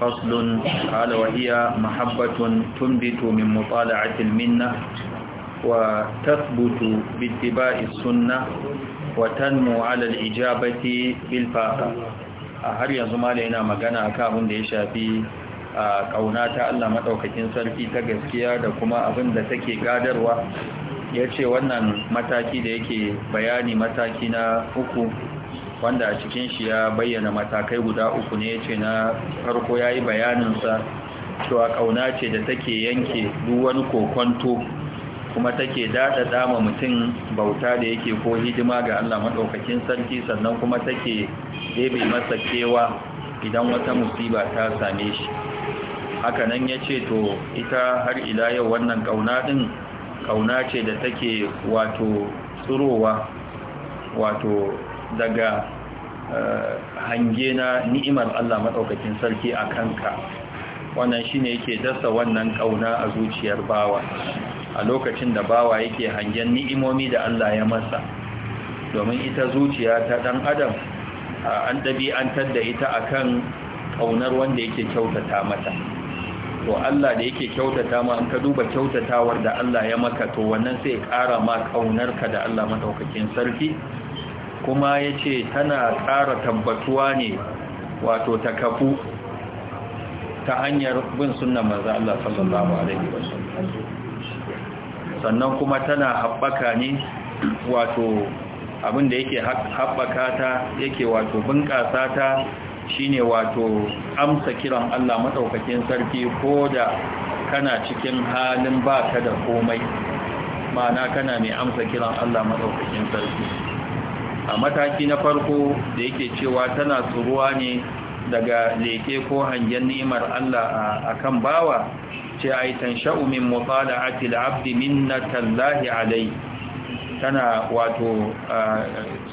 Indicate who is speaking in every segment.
Speaker 1: فصل قال وهي محبة تنبت من مطالعة المنة وتثبت باتباع السنة وتنمو على الإجابة بالفاقة har yanzu ma yana magana akan abin da ya shafi kauna ta Allah maɗaukacin sarki ta gaskiya da kuma abinda take gadarwa yace wannan mataki da yake bayani mataki na uku wanda a cikin shi ya bayyana matakai guda uku ne ce na farko yayi bayanin sa cewa kauna ce da take yanke duk wani kokonto kuma take dada dama mutum bauta da yake ko hidima ga Allah madaukakin sarki sannan kuma take ɗebe masa kewa idan wata musiba ta same shi haka nan ce to ita har ila yau wannan kauna din kauna ce da take wato tsurowa wato daga Eh, hange na ni'imar Allah maɗaukakin sarki a kanka wannan shine yake dasa wannan ƙauna a zuciyar bawa a lokacin da bawa yake hangen ni'imomi da Allah ya masa domin ita zuciya ta dan adam an ɗabi'antar da ita akan ƙaunar wanda yake kyautata mata to Allah da yake kyautata ma an ka duba kyautatawar da Allah ya maka to wannan sai ƙara ma ƙaunarka da Allah maɗaukakin sarki kuma ya ce tana tsara tabbatuwa ne wato ta kafu ta hanyar bin sunan maza Allah sallallahu Alaihi
Speaker 2: wasu sannan kuma tana haɓaka
Speaker 1: ne wato abinda yake haɓaka ta yake wato bunƙasa ta shine wato amsa kiran Allah maɗaukakin sarki ko da kana cikin halin ba ka da komai ma'ana kana mai amsa kiran Allah maɗaukakin sarki a mataki na farko da yake cewa tana tsuruwa ne daga leke ko hangen ni'imar Allah a kan bawa ce a yi tansha'u min mutala'ati na tallahi alai tana wato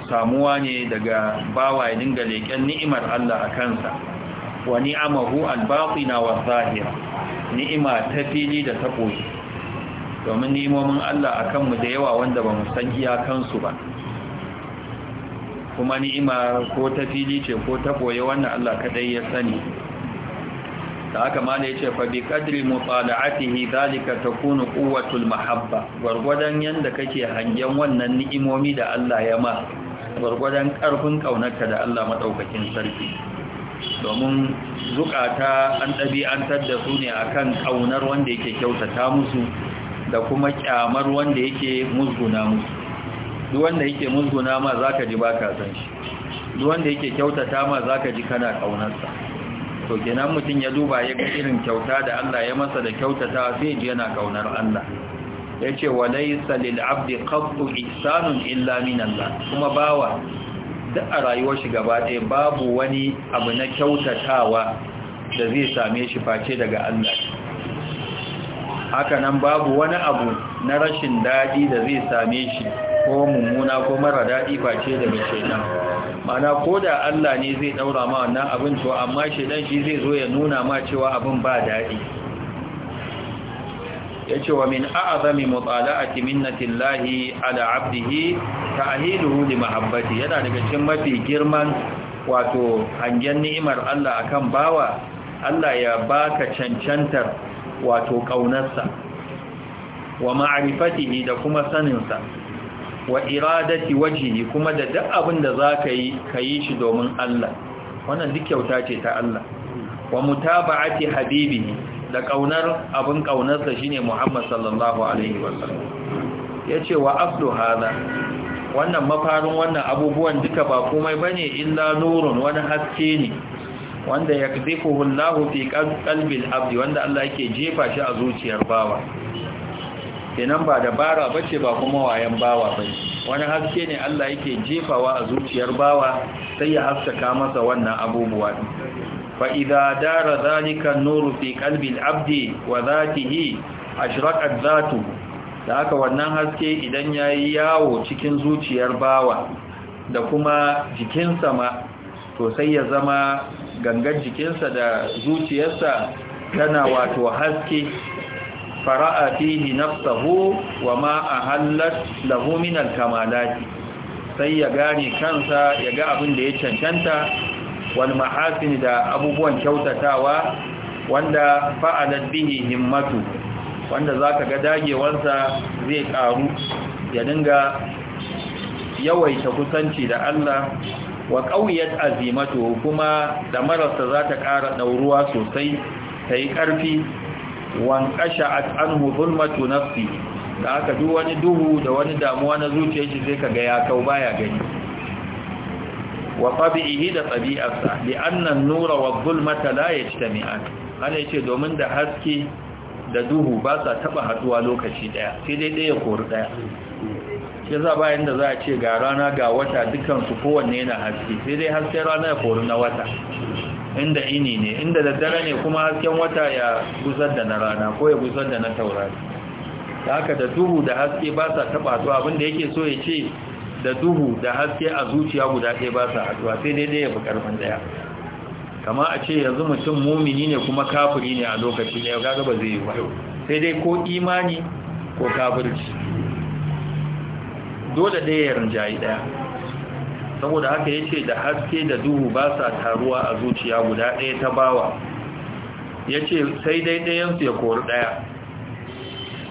Speaker 1: samuwa ne daga bawa ya dinga leken ni'imar Allah a kansa wa ni'amahu albaƙi na wa zahira ni'ima ta fili da ta ƙoshi domin ni'imomin Allah a kanmu da yawa wanda ba mu san kansu ba kuma ni'ima ko ta fili ce ko ta boye wannan Allah kadai ya sani da haka ma da yace fa bi kadri mutala'atihi zalika takunu quwwatul mahabba gurgudan yanda kake hangen wannan ni'imomi da Allah ya ma gurgudan karfin kaunarka da Allah madaukakin sarki domin zukata an ɗabi'antar tadda su ne akan kaunar wanda yake kyautata musu da kuma kyamar wanda yake musguna musu duk yake musguna ma zaka ji baka san shi duk yake kyautata ma zaka ji kana kaunarsa to kenan mutum ya duba ya ga irin kyauta da Allah ya masa da kyautata sai ji yana kaunar Allah yace walaysa lil abdi qattu ihsanun illa min Allah kuma bawa da a rayuwar shi gaba ɗaya babu wani abu na kyautatawa da zai same shi face daga Allah haka nan babu wani abu na rashin daɗi da zai same shi ko mummuna ko mara daɗi face daga shaidan mana ko da Allah ne zai ɗaura ma wannan abin to amma shaidan shi zai zo ya nuna ma cewa abin ba daɗi ya ce wa min a'azami mutsala'ati minnatin lahi ala abdihi ta ahiluhu li mahabbati yana daga cikin mafi girman wato hangen ni'imar Allah akan bawa Allah ya baka cancantar wato ƙaunarsa wa ne da kuma saninsa wa iradati wajihi kuma da duk abin da za ka yi ka yi shi domin Allah wannan duk kyauta ce ta Allah wa mutaba'ati habibihi da ƙaunar abin ƙaunarsa shine Muhammad sallallahu alaihi wasallam yace wa abdu hada wannan mafarin wannan abubuwan duka ba komai bane illa nurun wani haske ne wanda ya zifuhu Allahu fi qalbil abdi wanda Allah yake jefa shi a zuciyar bawa kenan ba dabara bace ba kuma wayan bawa bace wani haske ne Allah yake jefawa a zuciyar bawa sai ya haskaka masa wannan abubuwa fa idza dara zalika an fi abdi wa dhatihi ashraqat zatu da haka wannan haske idan yayi yawo cikin zuciyar bawa da kuma jikinsa ma to sai ya zama gangan jikinsa da zuciyarsa tana wato haske fara'a fihi nafsahu wa ma ahallat lahu min al-kamalati sai ya gane kansa ya ga abin da ya cancanta wani mahasin da abubuwan kyautatawa wanda fa'alat bihi himmatu wanda zaka ga dagewansa zai karu ya dinga yawaita kusanci da Allah wa ƙauyat azimatu kuma da marasa za ta ƙara ɗauruwa sosai ta yi ƙarfi wankasha a anhu zulmatu nafsi da aka duk wani duhu da wani damuwa na zuciyar shi sai kaga ya kau baya gani wa tabi'ihi da tabi'arsa li anna nura wa zulmata la yajtami'an ana yace domin da haske da duhu ba sa taɓa haɗuwa lokaci ɗaya sai dai daya kori ɗaya. ya za ba da za a ce ga rana ga wata dukansu kowanne yana haske sai dai hasken rana ya kori na wata inda ini ne inda daddare ne kuma hasken wata ya gusar da na rana ko ya gusar da na taurari da haka da duhu da haske ba sa taɓa zuwa abinda yake so ya ce da duhu da haske a zuciya guda ɗaya ba sa haɗuwa sai dai ya fi ƙarfin ɗaya kama a ce yanzu mutum mumini ne kuma kafiri ne a lokaci ɗaya kaga ba zai yi ba sai dai ko imani ko kafirci dole ɗaya ya rinjayi ɗaya saboda haka yace da haske da duhu ba sa taruwa a zuciya guda ɗaya ta bawa ya ce sai dai ɗayansu ya kori ɗaya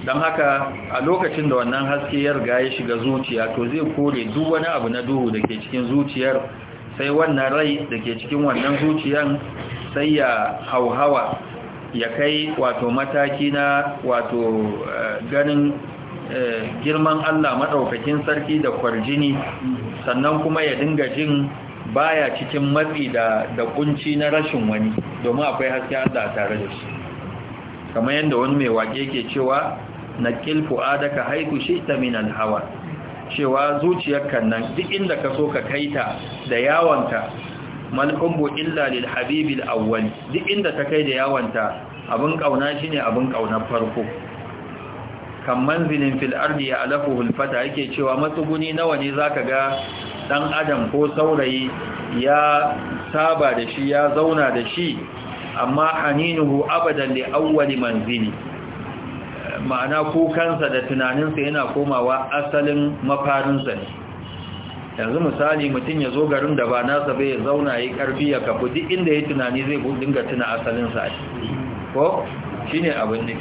Speaker 1: don haka a lokacin da wannan haske ya riga ya shiga zuciya to zai kore duk wani abu na duhu da ke cikin zuciyar sai wannan rai da ke cikin wannan zuciyar sai ya hauhawa ya kai wato mataki na wato eh, ganin Eh, girman Allah maɗaukakin sarki da kwarjini sannan kuma ya dinga jin baya cikin matsi da da kunci na rashin wani domin akwai haske Allah tare da shi kamar yadda wani mai wake ke cewa na kilfu adaka haiku shi ta minan hawa cewa zuciyarka nan duk inda ka so ka kaita da yawanta mal illa lil habibil awwal duk inda ta kai da yawanta abin kauna shine abin kaunar farko kan zinin fil ardi ya alafuhu yake cewa matsuguni nawa ne za ka ga ɗan adam ko saurayi ya saba da shi ya zauna da shi amma haninuhu abadan li auwali manzini, ma'ana kukansa da tunaninsa yana komawa asalin mafarinsa ne yanzu misali mutum ya zo garin da ba nasa bai ya zauna ya karfi ya kafu duk inda ya yi tunani zai dinga tuna asalinsa ko shine abin ne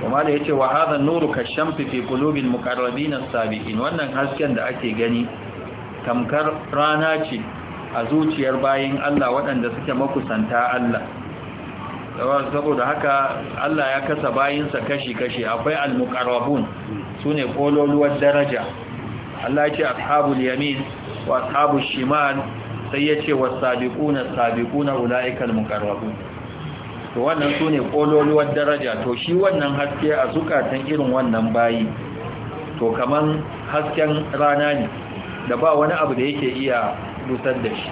Speaker 1: kuma da yace wa hadha nuru kashamfi fi mukarrabi muqarrabin as wannan hasken da ake gani tamkar rana ce a zuciyar bayan Allah waɗanda suke makusanta Allah saboda haka Allah ya kasa bayinsa kashi-kashi akwai al-muqarrabun sune ƙololuwar daraja Allah ya ce ashabul yamin wa ashabul shimal sai ya ce was-sabiquna as-sabiquna ulaika al to wannan su ne ƙololuwar daraja to shi wannan haske a zukatan irin wannan bayi to kaman hasken rana ne da ba wani abu da yake iya dusar da shi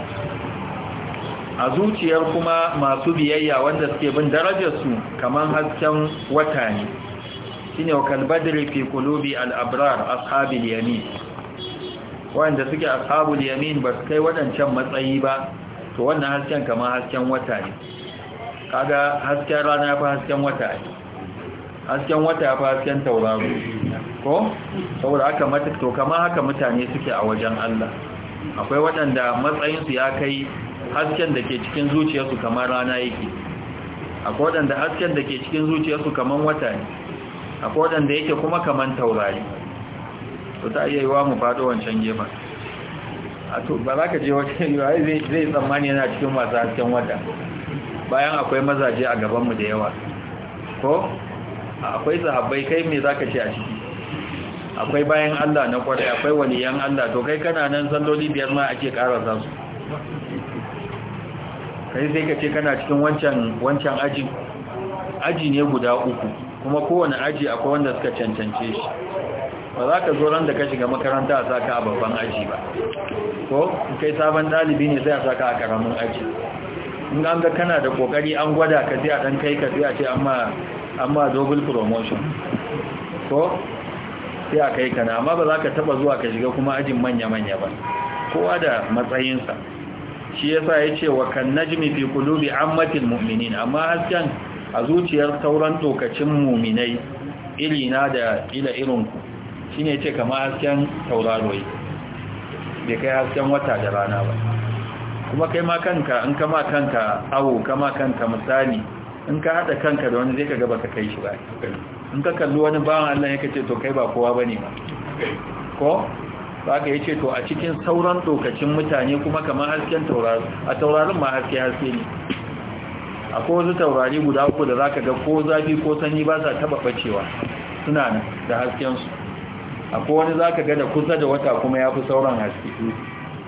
Speaker 1: a zuciyar kuma masu biyayya wanda suke bin darajarsu kaman hasken wata ne shi ne wakal badri fi kulubi al'abrar ashabil yamin wanda suke ashabul yamin ba su kai waɗancan matsayi ba to wannan hasken kaman hasken wata ne kaga hasken rana ya fi hasken wata hasken wata ya fi hasken tauraro ko saboda haka mata to kama haka mutane suke a wajen Allah akwai waɗanda matsayinsu ya kai hasken da ke cikin zuciyarsu kamar rana yake akwai waɗanda hasken da ke cikin zuciyarsu kamar wata ne akwai waɗanda yake kuma kamar taurari to ta iya yi wa mu faɗo wancan gefen a to ba za ka je wajen yi zai tsammani yana cikin masu hasken wata bayan akwai mazaje a gabanmu da yawa ko akwai sahabbai kai me zaka ce a ciki akwai bayan Allah na kwarai akwai waliyan Allah to kai kana nan salloli biyar ma ake karasa su kai sai ka ce kana cikin wancan wancan aji aji ne guda uku kuma kowane aji akwai wanda suka cancance shi ba za ka zo ran da ka shiga makaranta a saka a babban aji ba ko kai sabon dalibi ne sai a saka a karamin aji in an ga kana da kokari an gwada ka je a dan kai ka je a ce amma amma double promotion ko sai kai kana amma ba za ka taba zuwa ka shiga kuma ajin manya-manya ba kowa da matsayinsa shi yasa yace wa kan najmi fi qulubi ammatil mu'minin amma hasken a zuciyar sauran tokacin mu'minai iri na da ila irin ku shine yace kamar hasken tauraro bai kai hasken wata da rana ba kuma kai ma kanka in ka ma kanka awo ka ma kanka misali in ka hada kanka da wani zai ka gaba ka kai shi ba in ka kalli wani bawan Allah yake ce to kai ba kowa bane ba ko ba ka yace to a cikin sauran dokacin mutane kuma kamar hasken taurari a taurarin ma haske haske ne akwai wasu taurari guda uku da zaka ga ko zafi ko sanyi ba sa taba bacewa suna da hasken su akwai wani zaka ga da kusa da wata kuma yafi sauran haske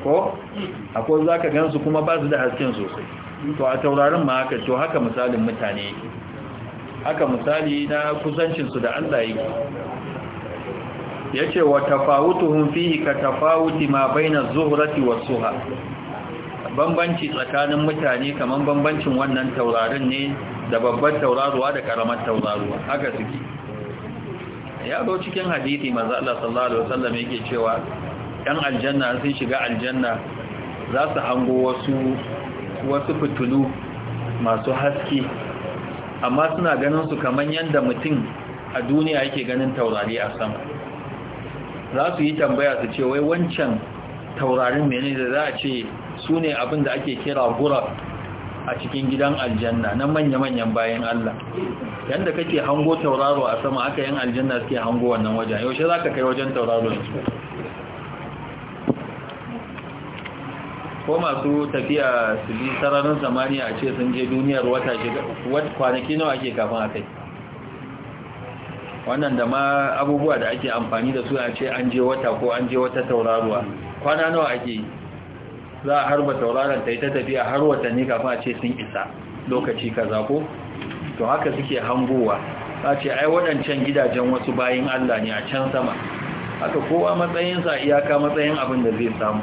Speaker 1: ko akwai za ka gansu kuma ba su da hasken sosai to a taurarin ma haka to haka misalin mutane yake haka misali na kusancinsu da Allah yake yace wa tafawutuhum fihi ka tafawuti ma baina zuhrati was suha bambanci tsakanin mutane kamar bambancin wannan taurarin ne da babbar tauraruwa da karamar tauraruwa haka suke ya zo cikin hadisi manzo Allah sallallahu alaihi wasallam yake cewa yan aljanna sun shiga aljanna za su hango wasu wasu fitulu masu haske amma suna ganin su kamar yadda mutum a duniya yake ganin taurari a sama za su yi tambaya su ce wai wancan taurarin mene da za a ce su ne abin da ake kira gura a cikin gidan aljanna na manya-manyan bayan Allah yadda kake hango tauraro a sama aka yin aljanna suke hango wannan wajen yaushe za ka kai wajen tauraro ko masu tafiya su bi sararin samaniya a ce sun je duniyar wata kwanaki nawa ake kafin a kai wannan da ma abubuwa da ake amfani da su a ce an je wata ko an je wata tauraruwa kwana nawa ake yi za a harba tauraron ta yi ta tafiya har watanni kafin a ce sun isa lokaci ka zako? to haka suke hangowa a ce ai waɗancan gidajen wasu bayan Allah ne a can sama haka kowa matsayinsa iyaka matsayin abin da zai samu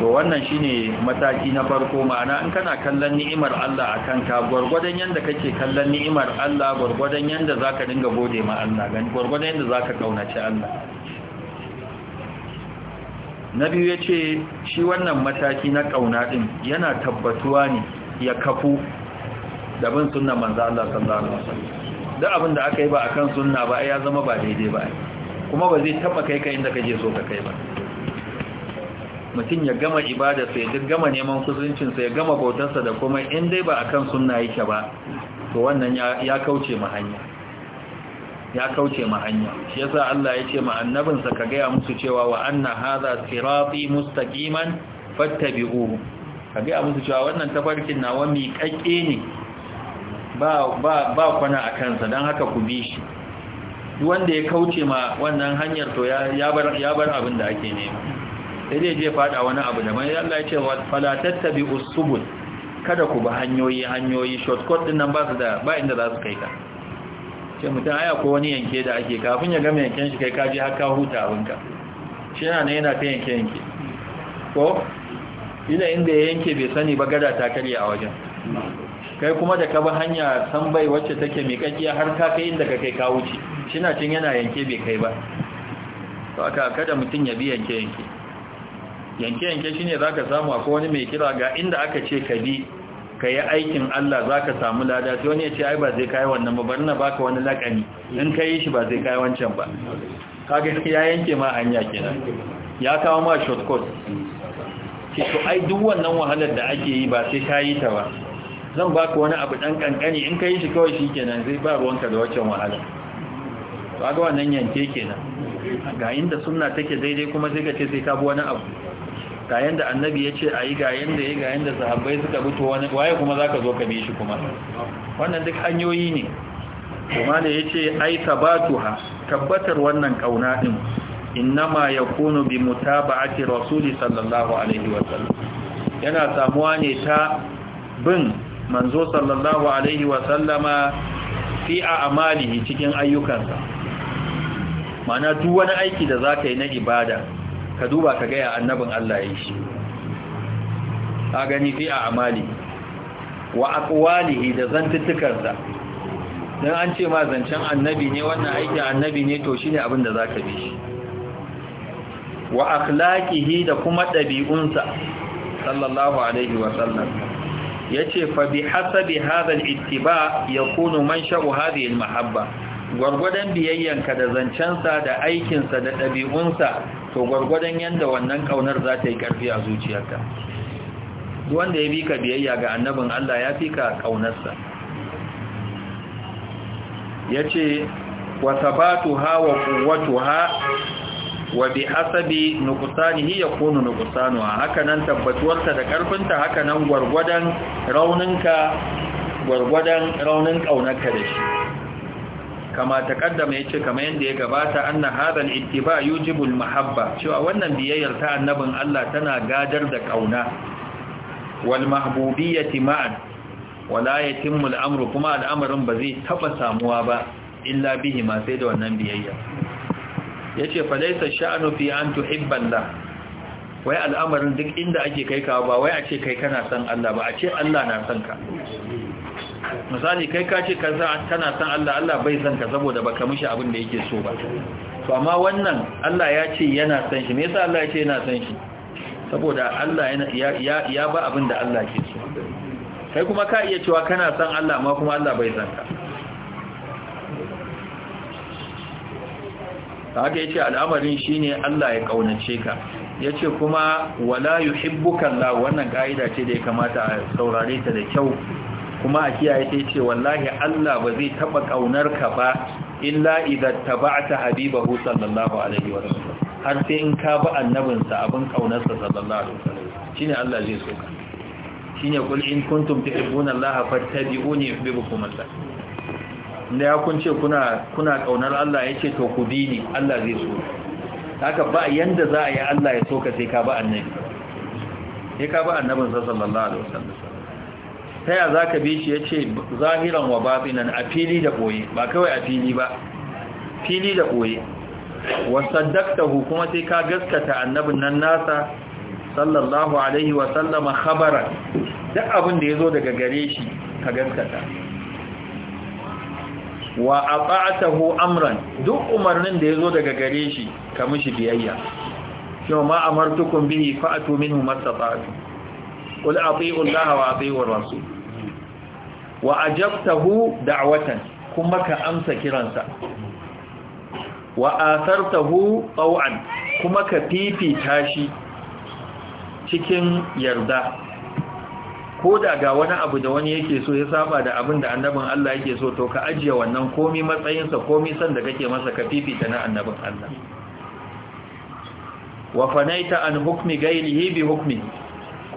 Speaker 1: to wannan shine mataki na farko ma'ana in kana kallon ni'imar Allah a kanka gwargwadon yanda kake kallon ni'imar Allah gwargwadon yanda ka dinga gode ma Allah gan gurgurdan yanda ka ƙaunaci Allah ya ce shi wannan mataki na ƙauna ɗin yana tabbatuwa ne ya kafu da bin suna manza Allah sallallahu alaihi duk abin da aka yi ba a kan sunna ba ya zama ba daidai ba kuma ba zai taɓa kai ka inda kaje so ka kai ba mutum ya gama ibadarsa ya gama neman kusancinsa ya gama bautarsa da kuma in dai ba kan sunna yake ba to wannan ya kauce ma hanya ya kauce ma shi yasa Allah ya ce ma annabinsa ka gaya musu cewa wa anna hadha sirati mustaqiman fattabi'uhu ka gaya musu cewa wannan tafarkin nawa miƙaƙƙe ne ba ba ba kwana a kansa don haka ku bi shi duk wanda ya kauce ma wannan hanyar to ya ya bar abin da ake nema sai dai je fada wani abu da mai Allah ya ce wa fala tattabi usbul kada ku bi hanyoyi hanyoyi shortcut din nan ba su da ba inda za su kai ka ce mutum aya ko wani yanke da ake kafin ya gama yanken shi kai ka je har ka huta ka shi yana ne yana ta yanke yanke ko ina inda ya yanke bai sani ba gada ta karye a wajen kai kuma da ka bi hanya san bai wacce take miƙaƙiya har ka kai inda ka kai ka wuce shi na cin yana yanke bai kai ba to aka kada mutum ya bi yanke yanke yanke-yanke shine za ka samu akwai wani mai kira ga inda aka ce ka bi ka yi aikin Allah za ka samu lada sai wani ya ce ai ba zai kayi wannan ba bari na baka wani lakani in ka yi shi ba zai kayi wancan ba kaga ya yanke ma hanya kenan ya kawo ma shortcut ki to ai duk wannan wahalar da ake yi ba sai ka yi ta ba zan baka wani abu dan kankani in ka yi shi kawai shikenan zai ba ruwanka da wancan wahala ga wannan yanke kenan ga inda sunna take daidai kuma sai ka ce sai ka bi wani abu ga yanda annabi ya ce a yi ga yanda ya ga yanda sahabbai suka bi to waye kuma za ka zo ka bi shi kuma wannan duk hanyoyi ne kuma da ya ce ai sabatuwa, tabbatar wannan kauna din innama yakunu bi mutaba'ati rasuli sallallahu alaihi wa sallam yana samuwa ne ta bin manzo sallallahu alaihi wa sallama fi a'malihi cikin ayyukansa Mana duk wani aiki da zaka yi na ibada ka duba ka gaya annabin Allah ya shi a gani fi a amali wa akwalihi da zantuttukarsa don an ce ma zancen annabi ne wannan aikin annabi ne to shi ne abin da za ka bi shi wa akhlaqihi da kuma ɗabi'unsa sallallahu alaihi wa sallam yace fa bi hasabi hadha al-ittiba yakunu man sha'u hadhihi al-mahabba gwargwadon biyayyanka da zancensa da aikinsa da ɗabi'unsa to gwargwadon yadda wannan ƙaunar za ta yi ƙarfi a zuciyarka wanda ya bi ka biyayya ga annabin Allah ya fi ka ƙaunarsa ya ce wa sabatu ha wa kuwatu ha wa bi asabi hasabi nuqsanihi yakunu nuqsanuha haka nan tabbatuwarta da ƙarfinta haka nan gwargwadon raunin ƙaunarka da shi kama taqaddama yace kamar yanda ya gabata anna hadha al-ittiba yujibu al-mahabba cewa wannan biyayyar ta annabin Allah tana gadar da kauna wal mahbubiyyati ma'an wala yatimmu al-amru kuma al'amarin ba zai taba samuwa ba illa bihi ma sai da wannan biyayya yace fa laysa sha'nu fi an tuhibba Allah wai al'amarin duk inda ake kai ka ba wai a ce kai kana son Allah ba a ce Allah na son ka misali kai ka ce kaza kana san Allah Allah bai san ka saboda baka mishi abin da yake so ba to amma wannan Allah ya ce yana san shi me yasa Allah ya ce yana san shi saboda Allah ya ya ba abin da Allah ke so kai kuma ka iya cewa kana san Allah amma kuma Allah bai san ka haka yace al'amarin shine Allah ya kaunace ka yace kuma wala yuhibbuka Allah wannan kaida ce da ya kamata a saurare ta da kyau kuma a kiyaye sai ce wallahi Allah ba zai taba kaunar ka ba illa idan taba'ta habibahu sallallahu alaihi wa sallam har sai in ka bi annabinsa abin sa sallallahu alaihi wa sallam shine Allah zai so ka shine kul in kuntum tuhibbuna Allah fattabi'uni yuhibbukum Allah inda ya kun ce kuna kuna kaunar Allah yace to ku bi ni Allah zai so haka ba yanda za a yi Allah ya so ka sai ka bi annabi sai ka bi annabinsa sallallahu alaihi wa sallam ta ya za ka bi ya ce zahiran wa babinan a fili da ɓoye ba kawai a fili ba fili da ɓoye wasaddaktahu kuma sai ka gaskata annabin nan nasa sallallahu alaihi wa sallama khabaran duk abin da ya zo daga gare shi ka gaskata wa ata'atahu amran duk umarnin da ya zo daga gare shi ka mishi biyayya yau ma amartukum bihi fa'atu minhu mastata'tu qul ati'u Allah wa ati'u ar-rasul wa ajabtahu da'watan kuma ka amsa kiransa wa asartahu taw'an kuma ka fifita shi cikin yarda ko da ga wani abu da wani yake so ya saba da abin da annabin Allah yake so to ka ajiye wannan komi matsayinsa komi san da kake masa ka fifita na annabin Allah wa fanaita an hukmi gairihi bi hukmi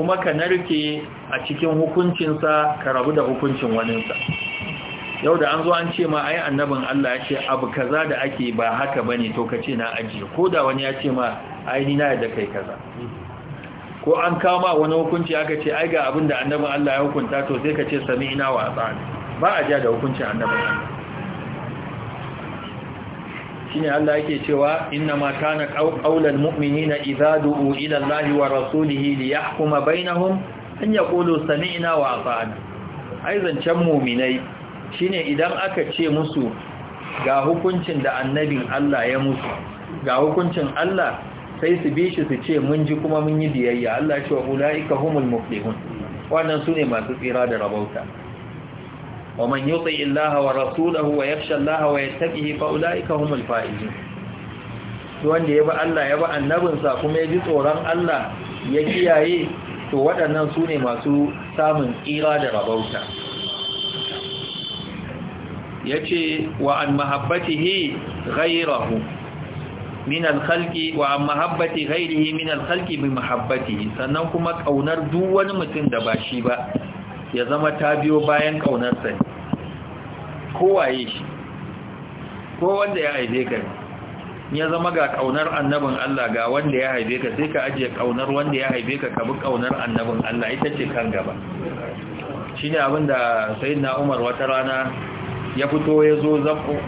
Speaker 1: kuma ka narke a cikin hukuncinsa ka rabu da hukuncin waninsa yau da an zo an ce ma ai annabin Allah ya ce abu kaza da ake ba haka bane to ka ce na ajiye ko da wani ya ce ma ai ni na yadda kai kaza ko an kawo ma wani hukunci aka ce ai ga abin da annabin Allah ya hukunta to sai ka ce sami ina wa ata'ana ba a ja da hukuncin annabin Allah shine Allah yake cewa inna ma kana qaulal mu'minina idza du'u ila Allahi wa rasulihi yahkuma bainahum an yaqulu sami'na wa ata'na ai zancen mu'minai shine idan aka ce musu ga hukuncin da annabin Allah ya musu ga hukuncin Allah sai su bi shi su ce mun ji kuma mun yi biyayya Allah ya ce wa ulaika humul muflihun wannan sune masu tsira da rabauta ومن يطع الله ورسوله ويخشى الله ويتقه فاولئك هم الفائزون wanda ya ba Allah ya ba sa, kuma ya ji tsoron Allah ya kiyaye to waɗannan sune masu samun tsira da rabauta ya ce wa an mahabbatihi ghairahu min alkhalqi wa an mahabbati ghairihi min alkhalqi bi mahabbatihi sannan kuma kaunar duk wani mutum da ba shi ba ya zama ta biyo bayan ƙaunarsa ne kowaye shi ko wanda ya haife ka ya zama ga ƙaunar annabin Allah ga wanda ya haife ka sai ka ajiye ƙaunar wanda ya haife ka ka bi ƙaunar annabin Allah ita ce kan gaba shi ne abin da na umar wata rana ya fito ya zo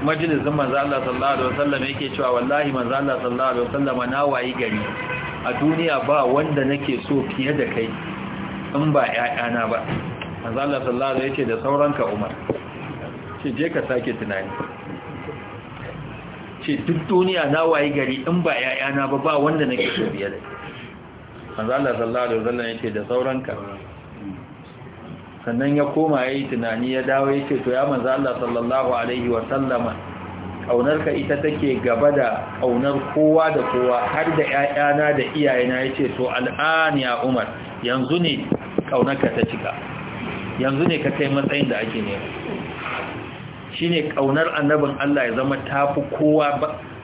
Speaker 1: manzo Allah sallallahu alaihi wasallam yake cewa wallahi Allah sallallahu alaihi wasallam na wayi gari a duniya ba wanda nake so fiye da kai in ba ƴaƴana ba manzala sallallahu alaihi ce da sauranka umar ce je ka sake tunani ce duk duniya na wayi gari in ba yayana ba ba wanda nake so biye da manzala sallallahu alaihi wasallam yake da sauranka sannan ya koma yayi tunani ya dawo yake to ya manzo Allah sallallahu alaihi wa sallama. kaunarka ita take gaba da kaunar kowa da kowa har da 'ya'yana da iyayena yace to al'an ya Umar yanzu ne ƙaunarka ta cika yanzu ne ka kai matsayin da ake nema shi ne ƙaunar annabin Allah ya zama tafi kowa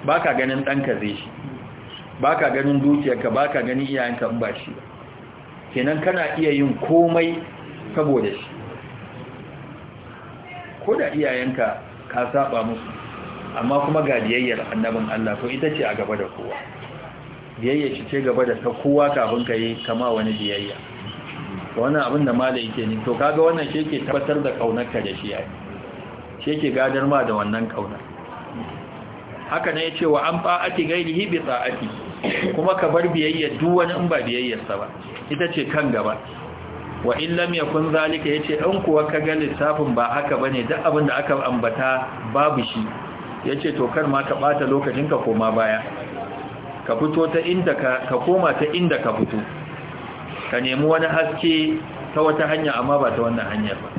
Speaker 1: ba ka ganin ɗanka zai shi ba ka ganin dukiyarka ba ka ganin iyayenka ba shi kenan kana iya yin komai saboda shi ko da iyayenka ka saba musu amma kuma ga biyayyar annabin Allah ko ita ce a gaba da kowa biyayya ce gaba da ta kowa kafin ka yi kama wani biyayya wannan abin da mala yake ni, to kaga wannan shi yake tabbatar da kaunarka da shi yi, shi yake gadar ma da wannan kauna haka ne yace wa an fa'ati ghairihi bi sa'ati kuma ka bar biyayya duk wani in ba biyayyarsa ba ita ce kan gaba wa in lam yakun zalika yace in kuwa ka ga lissafin ba haka bane duk abin da aka ambata babu shi yace to kar ma ka bata lokacin ka koma baya ka fito ta inda ka koma ta inda ka fito ka nemi wani haske ta wata hanya amma ba ta wannan hanyar ba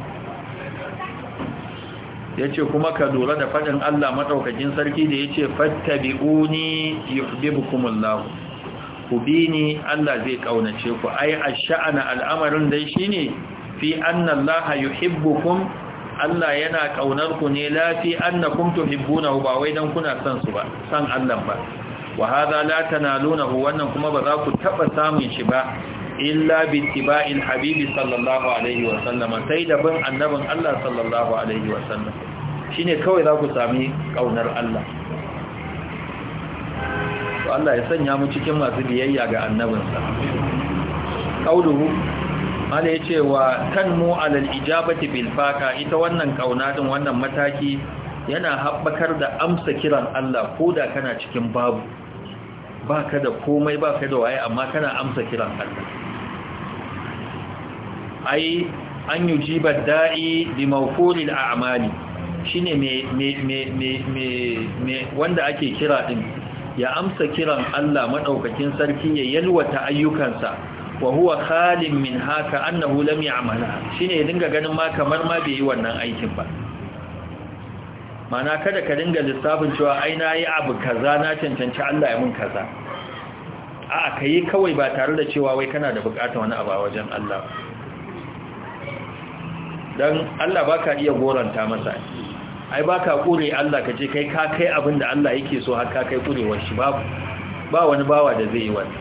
Speaker 1: ya ce kuma ka lura da faɗin Allah maɗaukakin sarki da ya ce fattabi'uni yuhibbukumullahu ku bi ni Allah zai ƙaunace ku ai ash'ana al'amarin dai ne? fi anna Allah yuhibbukum Allah yana ƙaunar ku ne la fi annakum tuhibbunahu ba wai dan kuna son su ba san Allah ba wa hadha la tanalunahu wannan kuma ba za ku taɓa samun shi ba illa bi tiba'il habibi sallallahu alaihi wa sallama sai da bin annabin Allah sallallahu alaihi wa sallam shine kawai za ku sami kaunar Allah to Allah ya sanya mu cikin masu biyayya ga annabinsa qauluhu Allah yace wa tanmu alal ijabati bil faka ita wannan kauna din wannan mataki yana habbakar da amsa kiran Allah koda kana cikin babu baka da komai baka da waye amma kana amsa kiran Allah ai an yujiba da'i bi mawqulil a'mali shine me me wanda ake kira din ya amsa kiran Allah madaukakin sarki ya yalwata ayyukansa wa huwa khalin min haka annahu lam ya'mala shine ya dinga ganin ma kamar ma bai yi wannan aikin ba mana kada ka dinga lissafin cewa ai na yi abu kaza na cancanci Allah ya mun kaza a'a kai kawai ba tare da cewa wai kana da bukatar wani abu a wajen Allah don Allah ba ka iya goranta masa ai ba ka ƙure Allah ka ce kai ka kai abin da Allah yake so har ka kai ƙurewar shi babu ba wani bawa da zai yi wani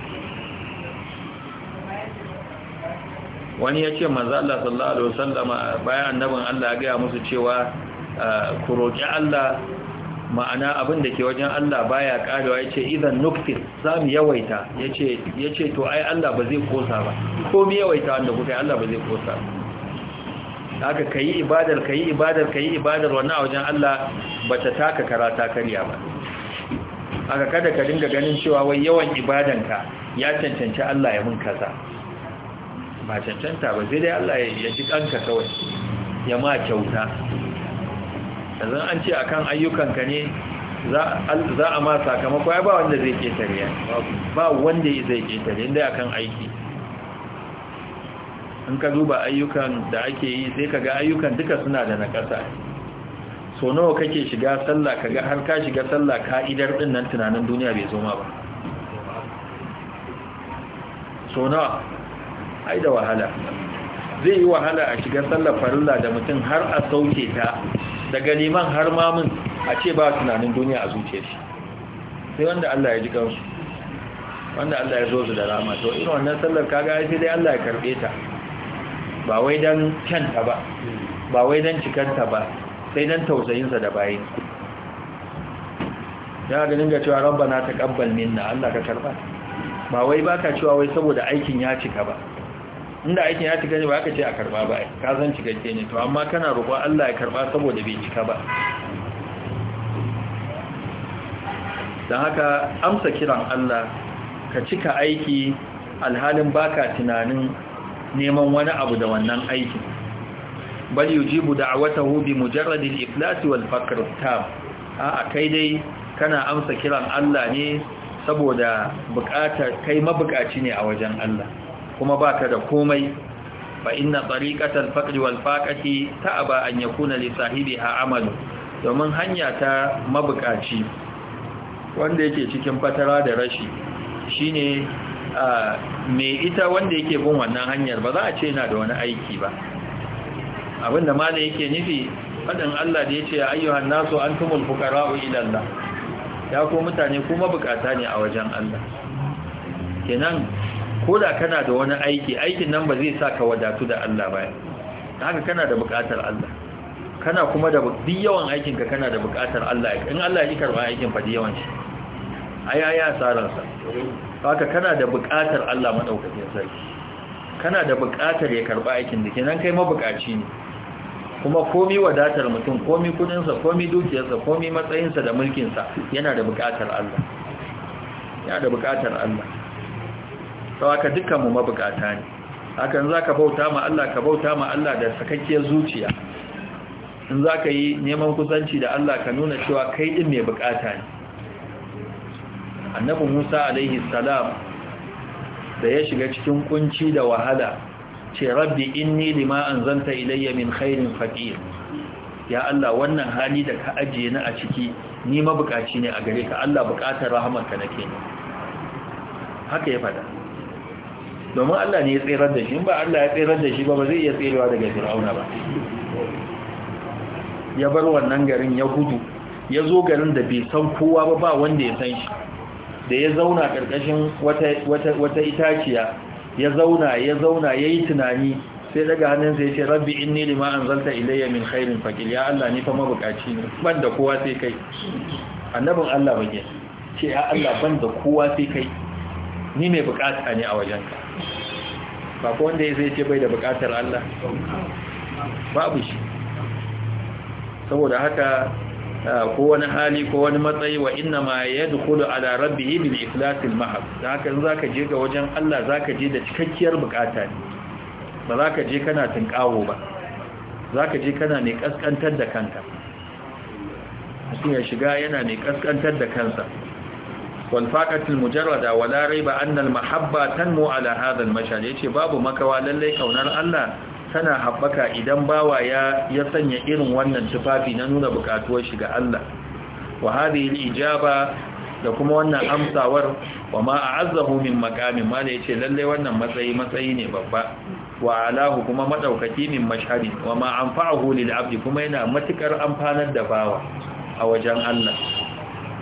Speaker 1: wani ya ce maza Allah sallallahu Alaihi wasallama bayan annabin Allah gaya musu cewa ah, ku roƙi Allah ma'ana abin da ke wajen Allah baya karewa ya ce idan nuktis za mu yawaita ya ce to ai Allah ba zai kosa ba ko mu yawaita wanda kuka yi Allah ba zai kosa ba haka ka yi ibadar ka yi ibadar ka yi ibadar wannan a wajen Allah ba ta taka karata karya ba haka kada ka dinga ganin cewa wai yawan ibadanka ya cancanci Allah ya mun kaza ba cancanta ba sai dai Allah ya ji kanka kawai ya ma kyauta yanzu an ce akan ayyukanka ne za a ma sakamako ya ba wanda zai ketare ba wanda zai ketare inda akan aiki in ka duba ayyukan da ake yi sai ka ga ayyukan duka suna da nakasa so nawa kake shiga sallah ga har ka shiga sallah ka'idar din nan tunanin duniya bai zo ma ba so nawa ai da wahala zai yi wahala a shiga sallah farilla da mutum har a sauke ta daga liman har mamun a ce ba tunanin duniya a zuce shi sai wanda Allah ya ji kansu wanda Allah ya zo su da rama to irin wannan sallar kaga sai dai Allah ya karbe ta ba wai don kyanta ba ba wai don cikanta ba sai don tausayinsa da bayin. ya ga dinga cewa ta ƙabbal minna Allah ka karba ba wai baka cewa wai saboda aikin ya cika ba inda aikin ya cika ne ba ka ce a karba ba ka zan cika ke ne to amma kana roƙo Allah ya karba saboda bai cika ba
Speaker 2: don haka
Speaker 1: amsa kiran Allah ka cika aiki alhalin baka tunanin neman wani abu da wannan aikin bal yujibu da'watahu bi mujarrad al-iflas wal faqr tab a kai dai kana amsa kiran Allah ne saboda buƙatar kai mabukaci ne a wajen Allah kuma baka da komai fa inna tariqatal faqr wal faqati ta'aba an yakuna li sahibiha amalu domin hanya ta mabukaci wanda yake cikin fatara da rashi shine mai ita wanda yake bin wannan hanyar ba za a ce yana da wani aiki ba abinda ma da yake nufi faɗin Allah da ya ce ayyuhan nasu an tumul fukara'u ilallah ya ko mutane kuma bukata ne a wajen Allah kenan ko da kana da wani aiki aikin nan ba zai sa ka wadatu da Allah ba haka kana da bukatar Allah kana kuma da duk yawan aikin ka kana da bukatar Allah in Allah ya karba aikin fa yawan shi ayaya asaran sa haka kana da buƙatar Allah maɗaukacin sarki kana da buƙatar ya karɓa aikin da kenan kai mabuƙaci ne kuma komi wadatar mutum komi kudinsa komi dukiyarsa komi matsayinsa da mulkinsa yana da buƙatar Allah yana da buƙatar Allah sau haka dukkanmu mabuƙata ne hakan za ka bauta ma Allah ka bauta ma Allah da sakakkiyar zuciya in za ka yi neman kusanci da Allah ka nuna cewa kai ɗin mai buƙata ne annabi musa alaihi salam da ya shiga cikin kunci da wahala ce rabbi inni lima anzalta ilayya min khairin faqir ya Allah wannan hali da ka ajiye ni a ciki ni mabukaci ne a gare ka Allah bukatar rahamarka nake ne haka ya fada domin Allah ne ya tsirar da shi ba Allah ya tsirar da shi ba ba zai iya tsirewa daga Fir'auna ba ya bar wannan garin ya gudu ya zo garin da bai san kowa ba ba wanda ya san shi da ya zauna ƙarƙashin wata itaciya ya zauna ya zauna ya yi tunani sai daga hannun ya ce rabbi inni lima an zalta ilayya min khairin fakil ya Allah ni fa mabukaci ne ban da kowa sai kai annabin Allah bage ce ya Allah ban da kowa sai kai ni mai bukata ne a wajenka ba ko wanda ya sai ce bai da bukatar Allah babu shi saboda haka ko wani hali ko wani matsayi wa inna ma yadkhulu ala rabbihi bil ikhlas mahab haka zaka je ga wajen Allah zaka je da cikakkiyar bukata ne ba zaka je kana tinkawo ba zaka je kana ne kaskantar da kanka mutum ya shiga yana ne kaskantar da kansa wal faqatul mujarrada wala raiba anna al mahabba tanmu ala hadha al mashal yace babu makawa lalle kaunar Allah tana haɓaka idan bawa ya ya sanya irin wannan tufafi na nuna bukatuwar shiga ga Allah wa hadhihi al-ijaba da kuma wannan amsawar wa ma a'azzahu min maqamin ma yace lalle wannan matsayi matsayi ne babba wa alahu kuma madaukaki min mashhadi wa ma anfa'ahu lil abdi kuma yana matukar amfanar da bawa a wajen Allah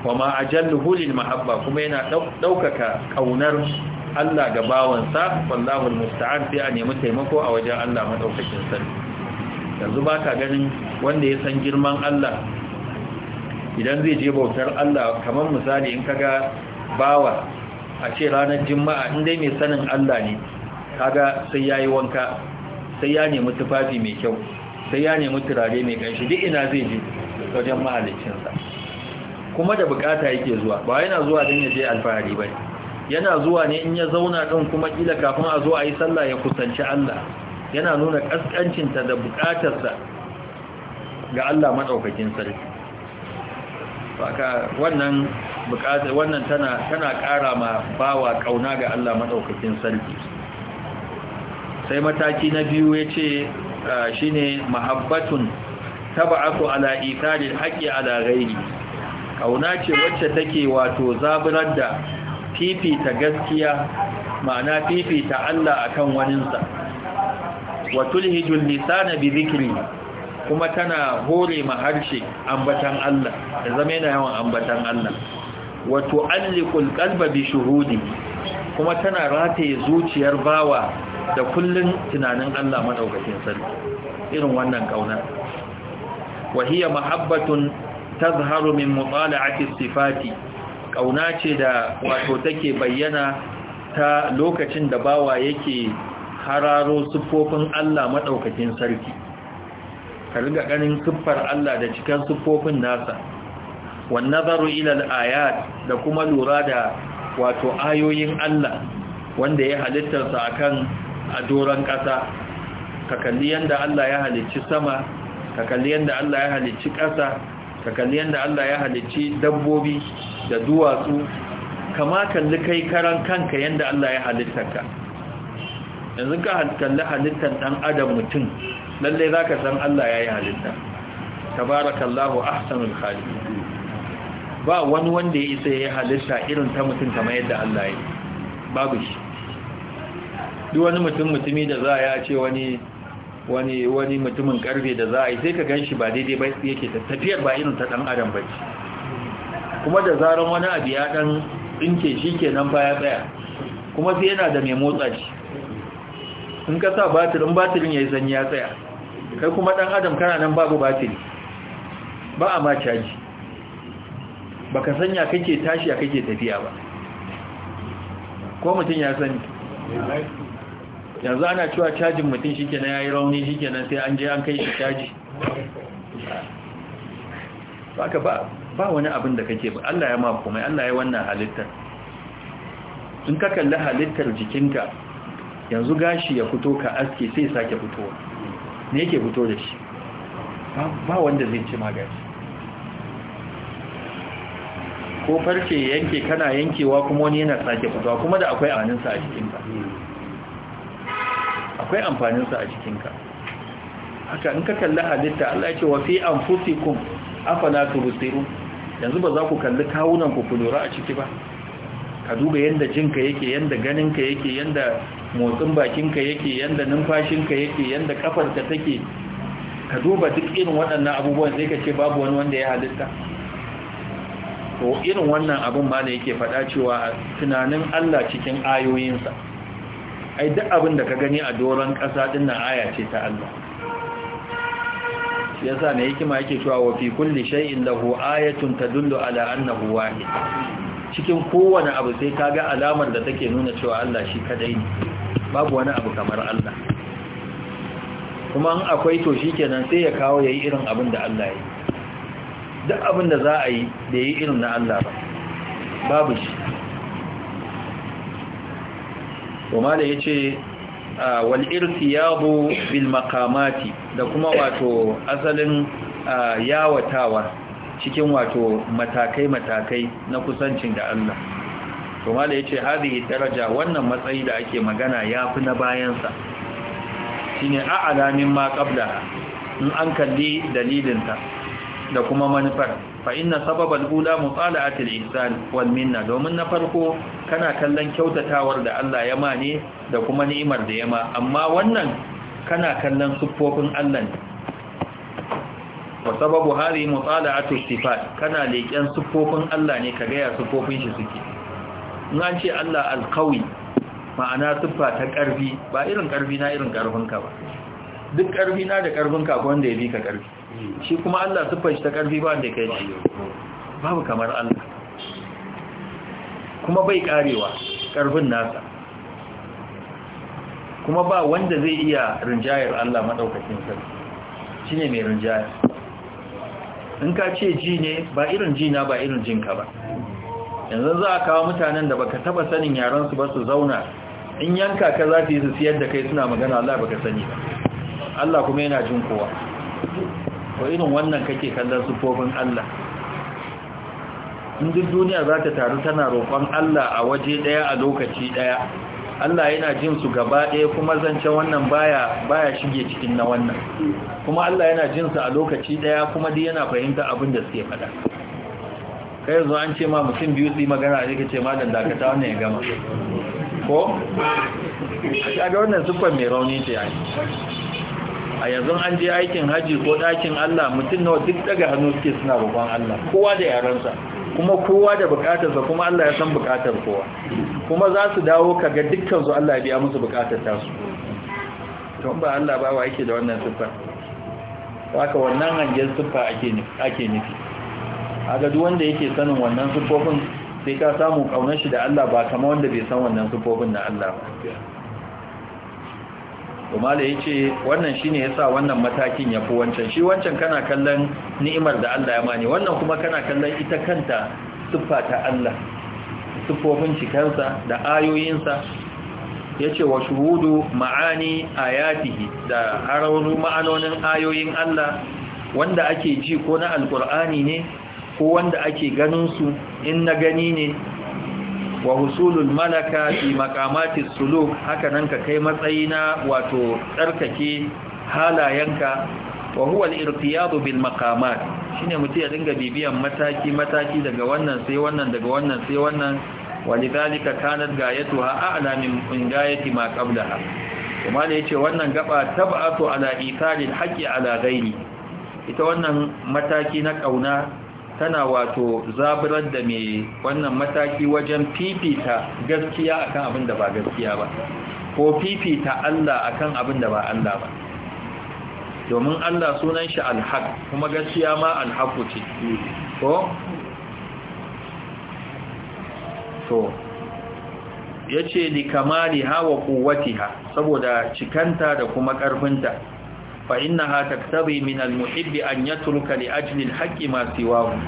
Speaker 1: wa ma ajalluhu lil mahabba kuma yana daukaka kaunar Allah ga bawansa wallahu musta'an sai a nemi taimako a wajen Allah madaukakin sarki yanzu baka ganin wanda ya san girman Allah idan zai je bautar Allah kamar misali in kaga bawa a ce ranar juma'a in dai mai sanin Allah ne kaga sai yayi wanka sai ya nemi tufafi mai kyau sai ya nemi turare mai kanshi duk ina zai je wajen mahaliccinsa kuma da bukata yake zuwa ba yana zuwa don ya je alfahari ba yana zuwa ne in ya zauna ɗin kuma ƙila kafin a zo a yi sallah ya kusanci Allah yana nuna ƙasƙancinta da buƙatarsa ga Allah maɗaukakin sarki wannan buƙatar wannan tana ƙara ma bawa ƙauna ga Allah maɗaukakin sarki sai mataki na biyu ya ce shi ne mahabbatun taba'atu ala ikaril haƙi ala ghairi ƙauna ce wacce take wato zaburar da fifita gaskiya ma'ana fifita Allah akan waninsa wa tulhijul lisana bi dhikri kuma tana hore maharshe ambatan Allah da zama yana yawan ambatan Allah wa tu'alliqul qalba bi shuhudi kuma tana rataye zuciyar bawa da kullun tunanin Allah madaukakin sarki irin wannan kauna wa hiya mahabbatun tazharu min mutala'ati sifati ƙauna ce da wato take bayyana ta lokacin da bawa yake hararo siffofin Allah maɗaukakin sarki ka riga ganin siffar Allah da cikin siffofin nasa wan nazaru ilal ayat da kuma lura da wato ayoyin Allah wanda ya halittarsa akan a doron ƙasa ka kalli yadda Allah ya halicci sama ka kalli yadda Allah ya halicci ƙasa ka kalli yadda Allah ya halicci dabbobi da duwatsu kama kalli kai karan kanka yadda Allah ya halittarka yanzu ka kalli halittar ɗan adam mutum lallai za ka san Allah ya yi halitta tabarakallahu ahsanul khaliq ba wani wanda ya isa ya halitta irin ta mutum kamar yadda Allah ya babu shi duk wani mutum mutumi da za a yi a ce wani wani wani mutumin karfe da za a yi sai ka gan shi ba daidai ba yake tafiyar ba irin ta ɗan adam ba ce kuma da zaran wani abu ya dan dinke shi kenan baya ya kuma sai yana da mai motsa shi in ka sa batirin batirin yayi zanyi ya tsaya kai kuma dan adam kana nan babu batiri ba a ma caji baka sanya kake tashi a kake tafiya ba ko mutum ya sani yanzu ana cewa cajin mutum na yayi rauni shikenan sai an je an kai shi caji ka ba ba wani abin da kake ba Allah ya ma komai Allah ya wannan halittar in ka kalli halittar jikinka yanzu gashi ya fito ka aske sai sake fitowa ne yake fito da shi ba wanda zai ce ma gashi ko farce yanke kana yankewa kuma wani yana sake fitowa kuma da akwai amfaninsa a jikinka akwai amfaninsa a jikinka haka in ka kalli halitta Allah ya ce wa fi anfusikum afala tubsirun yanzu ba za ku kalli kawunan ku lura a ciki ba ka duba yadda jinka yake yadda ganinka yake yadda motsin bakinka yake yadda numfashinka yake yanda kafarka take ka duba duk irin waɗannan abubuwan sai ka ce babu wani wanda ya halitta to irin wannan abin ma ne yake faɗa cewa tunanin Allah cikin ayoyinsa ai duk abin da ka gani a doron ƙasa ɗin nan aya ce ta Allah Siyasa yasa mai hikima yake cewa wa fi kulli shay'in lahu ayatun tadullu ala annahu wahid cikin kowane abu sai ga alamar da take nuna cewa Allah shi kadai ne babu wani abu kamar Allah kuma an akwai to shikenan sai ya kawo yayi irin abin da Allah yi duk abin da za a yi da yayi irin na Allah ba babu shi kuma da yace wal irtiyabu bil maqamati da kuma wato asalin yawatawa cikin wato matakai matakai na kusancin da Allah to ce yace hadhihi daraja wannan matsayi da ake magana ya fi na bayansa shine a'ala mimma qablaha in an kalli dalilinta da kuma manufar fa inna sababal ula mutala'atil insan wal minna domin na farko kana kallon kyautatawar da Allah ya ma ne da kuma ni'imar da ya ma amma wannan kana kallon sufofin Allah ne wa sababu hali mutala'atul sifat kana leƙen sufofin Allah ne kaga ya sufofin shi suke in an ce Allah alqawi ma'ana siffa ta ƙarfi ba irin ƙarfi na irin ƙarfinka ba duk ƙarfi na da ƙarfinka ko wanda ya bi ka ƙarfi shi kuma Allah siffar shi ta ƙarfi ba da kai babu kamar Allah kuma bai karewa ƙarfin nasa kuma ba wanda zai iya rinjayar Allah maɗaukacin sarki shi ne mai rinjayar in ka ce ji ne ba irin ji na ba irin jinka ba yanzu za a kawo mutanen da baka taba sanin yaransu ba su zauna in yanka ka za su yi su siyar da kai suna magana Allah baka sani ba Allah kuma yana jin kowa Ko irin wannan kake kallon sufofin Allah in duk duniya za ta taru tana roƙon Allah a waje ɗaya a lokaci ɗaya Allah yana jin su gaba ɗaya kuma zance wannan baya baya shige cikin na wannan kuma Allah yana jin su a lokaci ɗaya kuma duk yana fahimta abin da suke faɗa kai zo an ce ma mutum biyu su yi magana ne kace ma dan dakata wannan ya gama ko a ga wannan siffar mai rauni ce yi. a yanzu an je aikin haji ko ɗakin Allah mutum nawa duk daga hannu suke suna roƙon Allah kowa da yarensa, kuma kowa da buƙatarsa, kuma Allah ya san bukatar kowa kuma za su dawo kaga dukkan su Allah ya biya musu bukatar su. to ba Allah ba wa yake da wannan siffa haka wannan hangen siffa ake ake nufi haka duk wanda yake sanin wannan siffofin sai ka samu kaunar shi da Allah ba kamar wanda bai san wannan siffofin na Allah
Speaker 2: ba
Speaker 1: kuma ya yace wannan shine yasa wannan matakin yafi wancan shi wancan kana kallon ni'imar da Allah ya mani wannan kuma kana kallon ita kanta siffa ta Allah siffofin cikansa da ayoyinsa yace wa shuhudu ma'ani ayatihi da harawu ma'anonin ayoyin Allah wanda ake ji ko na alqur'ani ne ko wanda ake ganin su in na gani ne wa husulul malaka fi maqamati suluk haka nan ka kai matsayi na wato tsarkake halayenka wa huwa al-irtiyad bil maqamat shine mutum ya dinga bibiyan mataki mataki daga wannan sai wannan daga wannan sai wannan walidhalika kanat gayatuha a'la min gayati ma qablaha kuma ne yace wannan gaba tab'atu ala ithalil haqqi ala ghairi ita wannan mataki na kauna tana wato zaburar da mai wannan mataki wajen fifita gaskiya akan abin da ba gaskiya ba ko fifita Allah akan abin da ba Allah ba domin Allah sunan shi alhaq kuma gaskiya ma alhaqu ce ko to yace ni kamali hawa quwwatiha saboda cikanta da kuma karfinta فإنها تقتضي من المحب أن يترك لأجل haƙƙi masu yawon,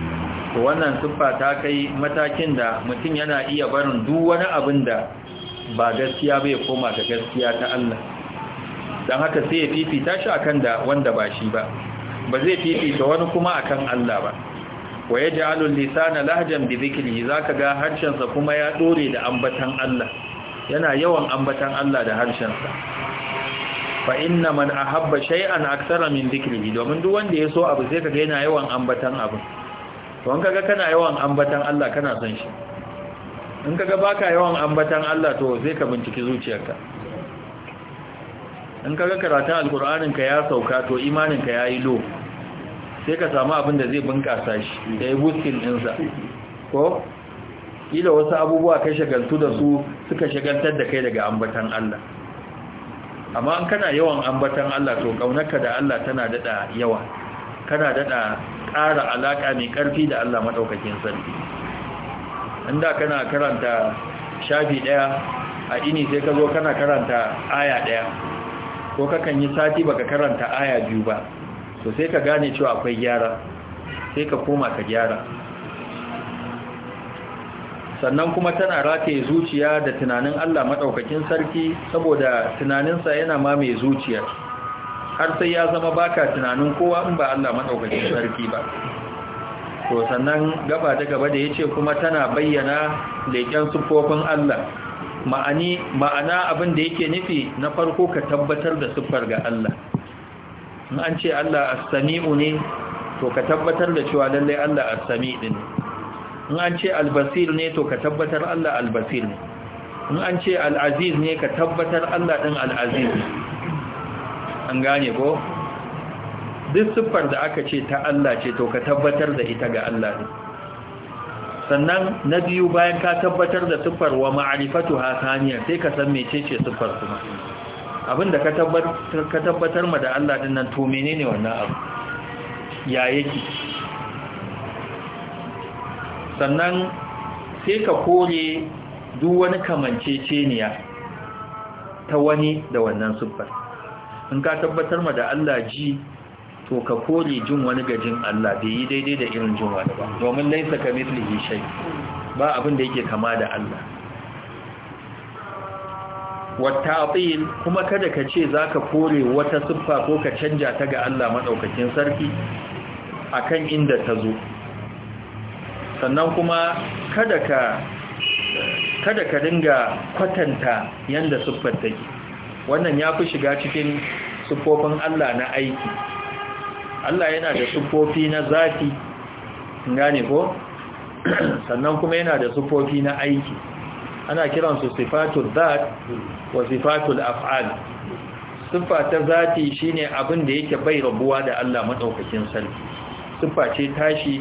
Speaker 1: to wannan siffa ta kai matakin da mutum yana iya barin duk wani abin da ba gaskiya bai koma ga gaskiya ta Allah don haka sai ya fifita shi akan da wanda ba shi ba ba zai fifita wani kuma akan Allah ba wa yaj'alu lisana lahjan bi dhikrihi zaka ga harshensa kuma ya dore da ambatan Allah yana yawan ambatan Allah da harshensa fa inna man ahabba shay'an aktsara min dhikrihi domin duk wanda ya so abu sai kaga yana yawan ambatan abu to in kaga kana yawan ambatan Allah kana son shi in kaga baka yawan ambatan Allah to sai ka binciki zuciyarka in kaga karatun alqur'anin ka ya sauka to imanin ka yayi low sai ka samu abin da zai bunkasa shi da ya buskin ɗinsa ko ila wasu abubuwa kai shagaltu da su suka shagaltar da kai daga ambatan Allah amma an kana yawan ambatan Allah to kaunarka da Allah tana dada yawa kana dada ƙara alaka mai ƙarfi da Allah madaukakin sarki inda kana karanta shafi daya a ini sai ka zo kana karanta aya daya ko kakan yi sati baka karanta aya biyu ba to sai ka gane cewa akwai gyara sai ka koma ka gyara sannan kuma tana rataye zuciya da tunanin Allah maɗaukakin sarki saboda tunaninsa yana ma mai zuciya har sai ya zama baka tunanin kowa in ba Allah maɗaukakin sarki ba to sannan gaba da gaba da ya ce kuma tana bayyana leƙen siffofin Allah ma'ana abin da yake nufi na farko ka tabbatar da siffar ga Allah in an ce Allah as-sami'u ne to ka tabbatar da cewa lallai Allah as-sami' ne in an ce albasir ne to ka tabbatar Allah albasir ne in an ce al'aziz ne ka tabbatar Allah ɗin al'aziz ne an gane ko duk siffar da aka ce ta Allah ce to ka tabbatar da ita ga Allah ne sannan na biyu bayan ka tabbatar da siffar wa ma'arifatu ha saniya sai ka san mecece siffar kuma abinda ka ka tabbatar ma da Allah ɗin nan to menene wannan abu ya yake sannan sai ka kore duk wani kamanceceniya ta wani da wannan siffar in ka tabbatar ma da Allah ji to ka kore jin wani gajin Allah bai yi daidai da irin jin wani ba domin laisa ka mislihi shay ba abin da yake kama da Allah Wata watta'til kuma kada ka ce za ka kore wata siffa ko ka canja ta ga Allah maɗaukakin sarki akan inda ta zo sannan kuma kada ka kada ka dinga kwatanta yanda siffar take wannan ya fi shiga cikin siffofin Allah na aiki Allah yana da siffofi na zafi gane ko sannan kuma yana da siffofi na aiki ana kiransu sifatul zat wa sifatul af'al siffa ta zati shine abin da yake bai rabuwa da Allah madaukakin sarki siffa ce tashi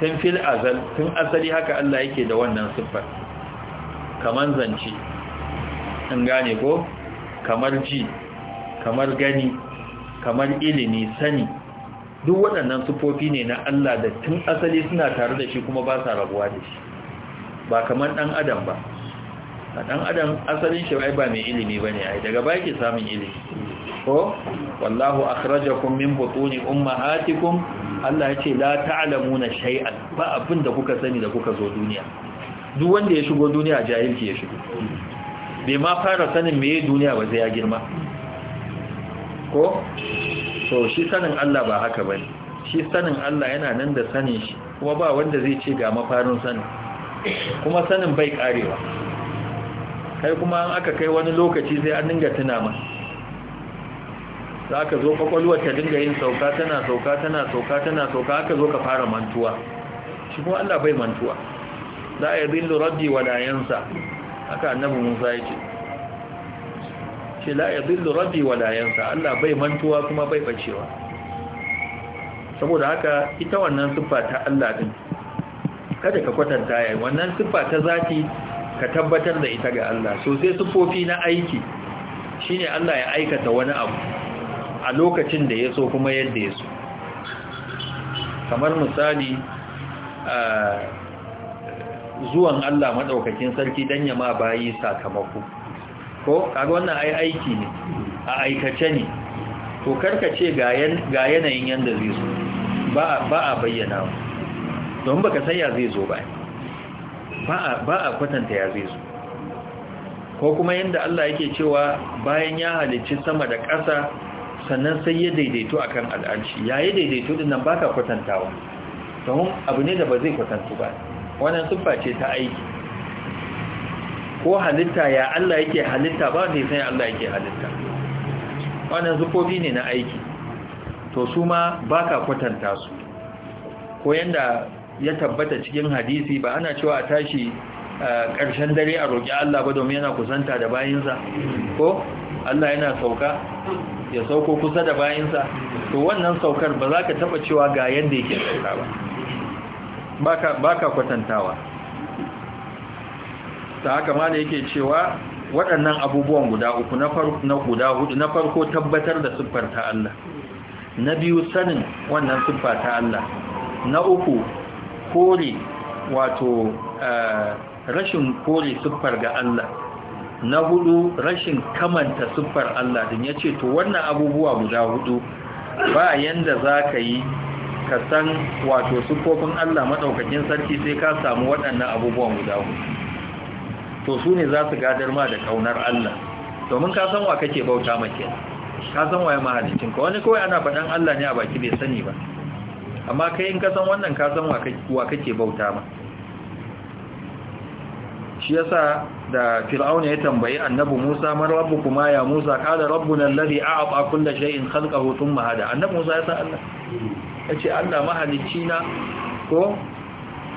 Speaker 1: tun fil azal tun asali haka Allah yake da wannan siffar kamar zance an gane ko kamar ji kamar gani kamar ilimi sani duk waɗannan siffofi ne na Allah da tun asali suna tare da shi kuma ba sa rabuwa da shi ba kamar ɗan adam ba a ɗan adam asalin shi ba mai ilimi ba ne ai daga ba yake samun ilimi ko wallahu akhrajakum min butuni ummahatikum Allah ya ce la ta'lamuna shay'an ba abin da kuka sani da kuka zo duniya duk wanda ya shigo duniya jahilci ya shigo bai ma fara sanin meye duniya ba zai ya girma ko so shi sanin Allah ba haka bane shi sanin Allah yana nan da sanin shi kuma ba wanda zai ce ga mafarin sanin kuma sanin bai karewa kai kuma an aka kai wani lokaci sai an dinga tuna masa za ka zo kwakwalwar ta dinga yin sauka tana sauka tana sauka tana sauka haka zo ka fara mantuwa shi kuma Allah bai mantuwa Za a yi zillu rabbi wa da yansa haka annabi Musa ya ce shi la ya zillu rabbi wa da yansa Allah bai mantuwa kuma bai bacewa saboda haka ita wannan siffa ta Allah din kada ka kwatanta yayi wannan siffa ta zati ka tabbatar da ita ga Allah so sai siffofi na aiki shine Allah ya aikata wani abu a lokacin da ya so kuma yadda ya so kamar misali zuwan Allah maɗaukakin sarki don ya ma bayi sakamako ko kaga wannan ai aiki ne a aikace ne to karkace ga yanayin yadda zai zo ba a bayyana don baka san ya zai zo ba ba a kwatanta ya zai zo ko kuma yadda Allah yake cewa bayan ya halicci sama da ƙasa sannan sai ya daidaito a akan ya yi daidaito din nan ba ka kwatantawa don abu ne da ba zai kwatantu ba wannan siffa ce ta aiki ko halitta ya Allah yake halitta ba wanda ya san Allah yake halitta wannan zufofi ne na aiki to su ma ba ka kwatanta su ko yanda ya tabbata cikin hadisi ba ana cewa a tashi eh, ƙarshen dare a roƙi Allah ba domin yana kusanta da bayinsa ko Allah yana sauka ya sauko kusa da bayansa to wannan saukar ba za ka taba cewa ga yadda yake sauka ba ba ka kwatantawa ta haka ma da yake cewa waɗannan abubuwan guda uku na guda hudu na farko tabbatar da siffar ta Allah na biyu sanin wannan siffa ta Allah na uku kore wato eh, rashin kore siffar ga Allah na hudu rashin kamanta siffar Allah din ya ce to wannan abubuwa guda hudu ba yanda za ka yi ka san wato siffofin Allah maɗaukakin sarki sai ka samu waɗannan abubuwan guda hudu to su ne za su gadar ma da ƙaunar Allah domin ka san wa kake bauta make ka san waye mahalicin ka wani kawai ana faɗan Allah ne a baki bai sani ba amma kai in ka san wannan ka san wa kake bauta ma shi yasa da fir'auna ya tambayi annabi Musa man rabbukuma ya Musa kada rabbuna alladhi a'ata kulla shay'in khalqahu thumma hada annabi Musa ya san Allah yace Allah mahalicci na ko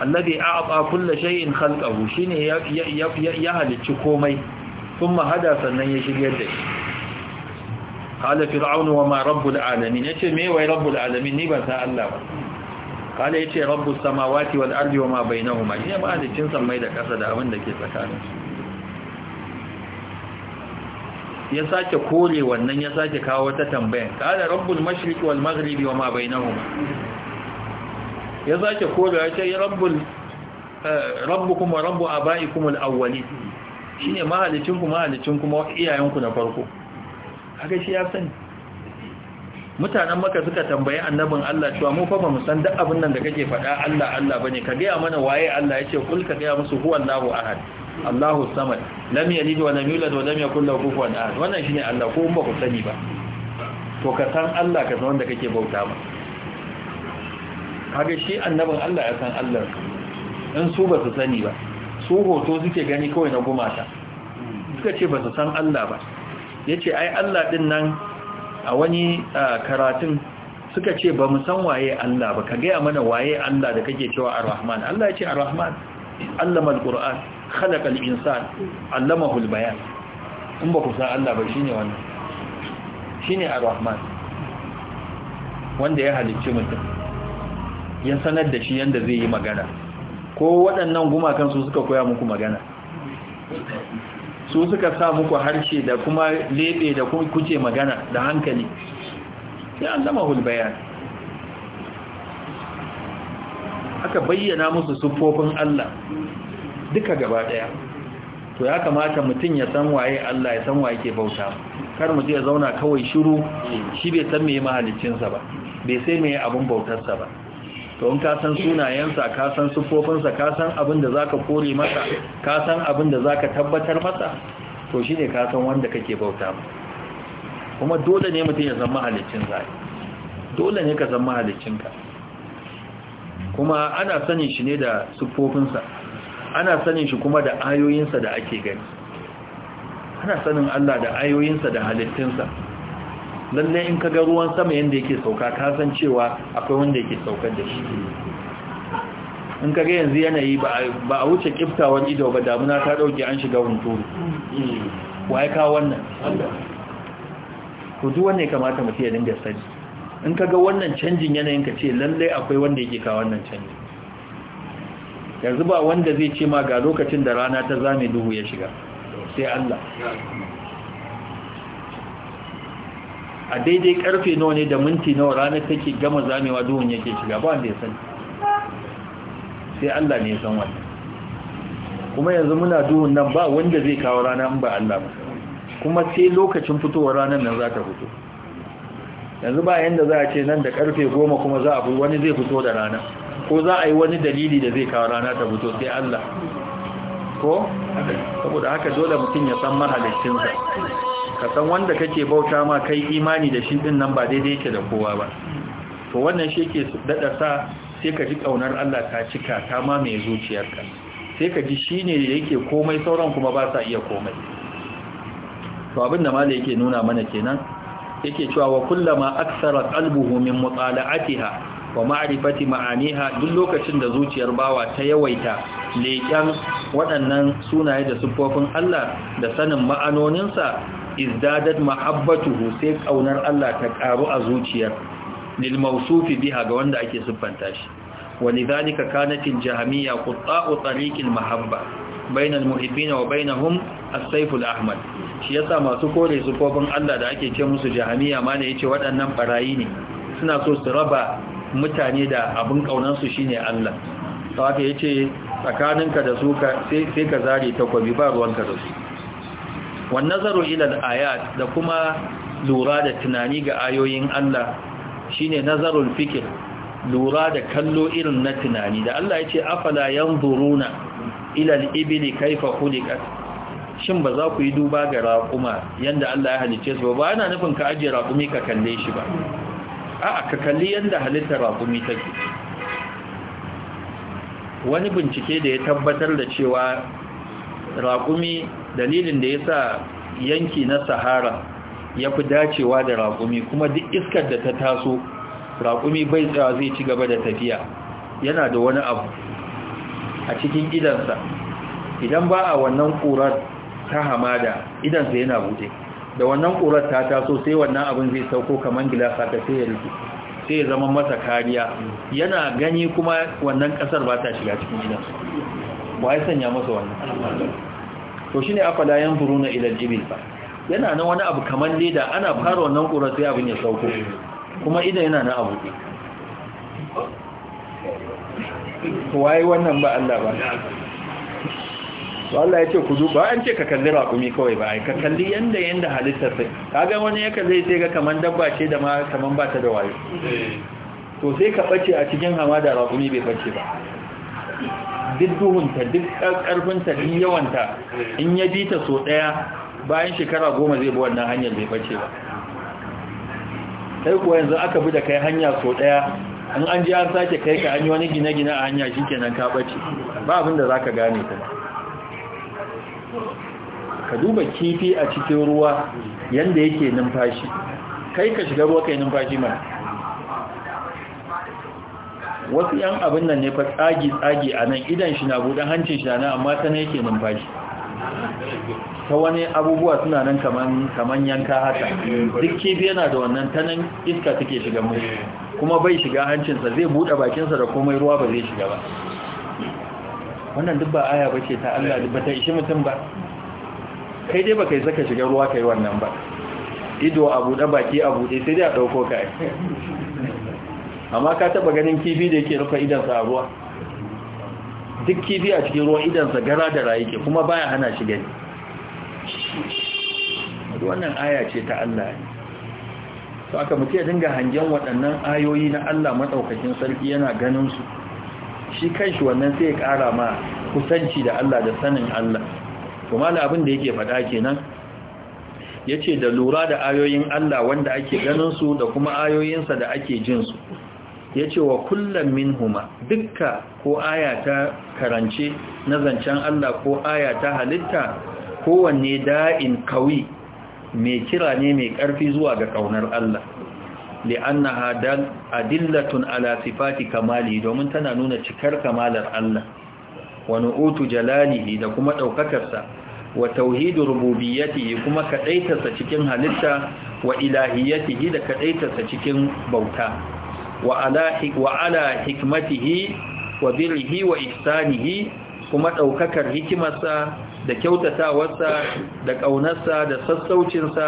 Speaker 1: alladhi a'ata kulla shay'in khalqahu shine ya ya halicci komai thumma hada sannan ya shiryar da shi qala fir'auna wa ma rabbul alamin yace me wai rabbul alamin ni ban sa Allah ba kala ce rabu samawati wal ardi wama bainahuma shine mahalicin sammai da ƙasa da abin da ke tsakanin ya sake kore wannan ya sake kawo wata tambayan kala rabbul mashriq wal maghribi wama bainahuma ya sake kore ya ce rabbul rabbukum wa rabbu abaikum al awwalin shine mahalicin ku mahalicin kuma iyayenku na farko haka shi ya sani mutanen maka suka tambayi annabin Allah cewa mu fa ba mu san duk abin nan da kake faɗa Allah Allah bane ka ga mana waye Allah yace kul ka ga musu huwallahu ahad Allahu samad lam yalid wa lam yulad wa lam yakul lahu kufuwan ahad wannan shine Allah ko ba ku sani ba to ka san Allah ka san wanda kake bauta ba kage shi annabin Allah ya san Allah in su ba su sani ba su hoto suke gani kawai na gumata suka ce ba su san Allah ba yace ai Allah din nan a wani karatun suka ce ba mu san waye Allah ba ka gaya mana waye Allah da kake cewa ar-rahman Allah ya ce ar-rahman allama al-qur'an khalaqa al-insan allamahu al-bayan in ba ku san Allah ba shine wannan shine ar-rahman wanda ya halicci mutum ya sanar da shi yanda zai yi magana ko waɗannan gumakan su suka koya muku magana su suka sa muku harshe da kuma lebe da kuma magana da hankali sai an zama hulbayan aka bayyana musu siffofin Allah duka gaba daya to ya kamata mutum ya san waye Allah ya san waye ke bauta kar mu ya zauna kawai shiru shi bai san meye mahaliccinsa ba bai sai meye abin bautarsa ba to in ka san sunayensa ka san sufofinsa ka san abin da ka kore masa ka san abin da ka tabbatar masa to shi ne ka san wanda kake bauta kuma dole ne mutum ya san halicin zai dole ne ka san halicinka kuma ana sanin shi ne da sufofinsa ana sanin shi kuma da ayoyinsa da ake gani ana sanin Allah da ayoyinsa da halittinsa lalle in ka ga ruwan sama yanda yake sauka ka san cewa akwai wanda yake saukar da shi in ka ga yanzu yanayi ba a wuce kiftawar ido ba damuna ta dauke an shiga hunturu ya kawo wannan to duk wanda ya kamata mutum ya dinga sani in ka ga wannan canjin yanayin ka ce lalle akwai wanda yake kawo wannan canjin yanzu ba wanda zai ce ma ga lokacin da rana ta zame duhu ya shiga sai Allah a daidai karfe nawa ne da minti nawa ranar take gama zamewa duhun yake shiga ba wanda ya sani sai Allah ne ya san wannan kuma yanzu muna duhun nan ba wanda zai kawo rana in ba Allah ba kuma sai lokacin fitowar ranar nan za ta fito yanzu ba yanda za a ce nan da karfe goma kuma za a fi wani zai fito da rana ko za a yi wani dalili da zai kawo rana ta fito sai Allah ko saboda haka dole mutum ya san mahalicinsa ka san wanda kake bauta ma kai imani da shi din nan ba daidai yake da kowa ba to wannan shi yake dada sa sai ka ji kaunar Allah ta cika ta ma mai zuciyarka sai ka ji shine yake komai sauran kuma ba sa iya komai to abin da malai yake nuna mana kenan yake cewa wa kullama aksara qalbuhu min mutala'atiha wa ma'rifati ma'aniha duk lokacin da zuciyar bawa ta yawaita leƙen waɗannan sunaye da siffofin Allah da sanin ma'anoninsa izdadat mahabbatuhu sai kaunar Allah ta karu a zuciyar lil mawsufi biha ga wanda ake siffanta shi walidhalika kanat al-jahmiyya qutta'u tariq al-mahabba bayna al-muhibbin wa bainahum hum sayf al-ahmad shi yasa masu kore kofin Allah da ake ce musu jahmiyya ma ne yace waɗannan barayi ne suna so su raba mutane da abin kaunar su shine Allah sawa yace tsakaninka da su sai ka zare takwabi ba ruwanka da su wan nazaru ila ayat da kuma lura da tunani ga ayoyin Allah shine nazarun fikir lura da kallo irin na tunani da Allah ya ce afala yanzuruna ila al-ibli kaifa khuliqat shin ba za ku yi duba ga raƙuma yanda Allah ya halice su ba ana nufin ka ajiye raƙumi ka kalle shi ba a'a ka kalli yadda halitta raƙumi take wani bincike da ya tabbatar da cewa raƙumi dalilin da ya sa yanki na sahara ya fi dacewa da raƙumi kuma duk iskar da ta taso raƙumi bai tsawa zai ci gaba da tafiya yana da wani abu a cikin idansa idan ba a wannan ƙurar ta hamada idansa yana bude da wannan ƙurar ta taso sai wannan abin zai sauko kamar gilasa ta sai ya rufe sai ya zama masa kariya yana gani kuma wannan ƙasar ba ta shiga cikin idansa wa ya sanya masa wannan to shine afala yanzuruna ila jibil ba yana nan wani abu kamar leda ana fara wannan kura sai abin ya sauko kuma idan yana na abu wai wannan ba Allah ba to Allah ya ce ku duba an ce ka kalli raƙumi kawai ba ka kalli yanda yanda halittar sai kaga wani ya kalle sai ga kaman dabba ce da ma kaman ba ta da wayo eh. to sai ka bace a cikin hamada raƙumi bai bace ba duk duhunta duk ƙarfinta din yawanta in ya bi ta so ɗaya bayan shekara goma zai bi wannan hanyar bai bace ba sai kuwa yanzu aka bi da kai hanya so ɗaya in an ji an sake kai ka an yi wani gine-gine a hanya shi kenan ka bace ba abin da za ka gane ta ka duba kifi a cikin ruwa yanda yake numfashi kai ka shiga ruwa kai numfashi mana wasu yan abin nan ne fa tsagi tsagi a nan idan shi na buɗe hancin shi na amma ta ne yake numfashi ta wani abubuwa suna nan kaman yanka haka duk kifi yana da wannan ta nan iska take shiga mu kuma bai shiga hancinsa zai buɗe bakinsa da komai ruwa ba zai shiga ba wannan duk ba aya ba ce ta Allah ba ta ishi mutum ba kai dai ba kai zaka shiga ruwa kai wannan ba ido a buɗe baki a buɗe sai dai a ɗauko kai. amma ka taba ganin kifi da yake rufe idansa a ruwa duk kifi a cikin ruwa idansa gara da rayu ke kuma baya hana shi gani wannan aya ce ta Allah ne to aka mutu ya dinga hangen waɗannan ayoyi na Allah maɗaukakin sarki yana ganin su shi kanshi wannan sai ya ƙara ma kusanci da Allah da sanin Allah kuma da abin da yake faɗa kenan yace da lura da ayoyin Allah wanda ake ganin su da kuma ayoyinsa da ake jin su ya ce wa kullum min huma dukka ko aya ta karance na zancen Allah ko aya ta halitta kowanne da'in kawi mai kira ne mai ƙarfi zuwa ga ƙaunar Allah li'annaha dal adillatun ala sifati kamali domin tana nuna cikar kamalar Allah wa nu'utu jalalihi da kuma ɗaukakarsa wa tauhidu rububiyyatihi kuma kaɗaitarsa cikin halitta wa ilahiyyatihi da kaɗaitarsa cikin bauta Wa'ala ala hikmatihi wa birrihi wa ihsanihi kuma ɗaukakar hikimarsa da kyautatawarsa da ƙaunarsa da sassaucinsa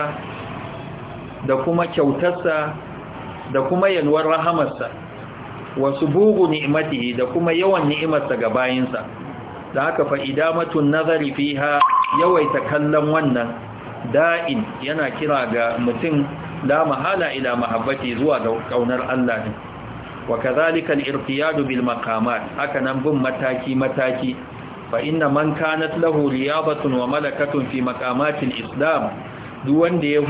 Speaker 1: da kuma kyautarsa da kuma yalwar rahamarsa wasu bugu ni'imatihi da kuma yawan ni'imarsa ga bayinsa da haka matun nazari fiha yawaita kallon wannan da'in yana kira ga mutum la mahala ila mahabbati zuwa ga kaunar Allah ne wa kadhalika al-irtiyadu bil maqamat haka nan bin mataki mataki fa inna man kanat lahu riyabatun wa malakatun fi maqamatil islam duk wanda ya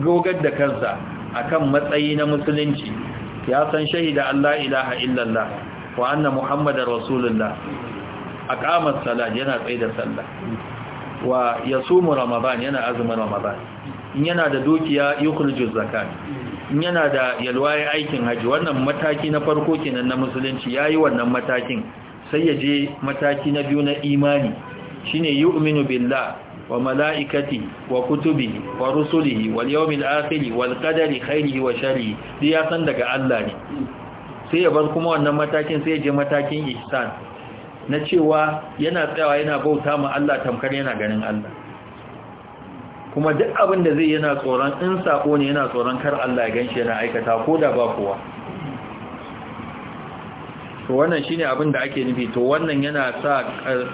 Speaker 1: gogar da kansa akan matsayi na musulunci ya san shahida Allah ilaha illallah wa anna muhammadar rasulullah aqama as-salat yana tsaida sallah wa yasumu ramadan yana azumin ramadan in yana da dukiya yukhrijuz zakat in yana da yalwaye aikin haji wannan mataki na farko kenan na musulunci yayi wannan matakin sai ya je mataki na biyu na imani shine yu'minu billah wa mala'ikati wa Kutubi wa rusulihi wal yawmil akhir wal qadari khairihi wa sharrihi da ya san daga Allah ne sai ya bar kuma wannan matakin sai ya je matakin ihsan na cewa yana tsayawa yana bauta ma Allah tamkar yana ganin Allah kuma duk abin da zai yana tsoron in sako ne yana tsoron kar Allah ya ganshi yana aikata ko da ba kowa to wannan shine abin da ake nufi to wannan yana sa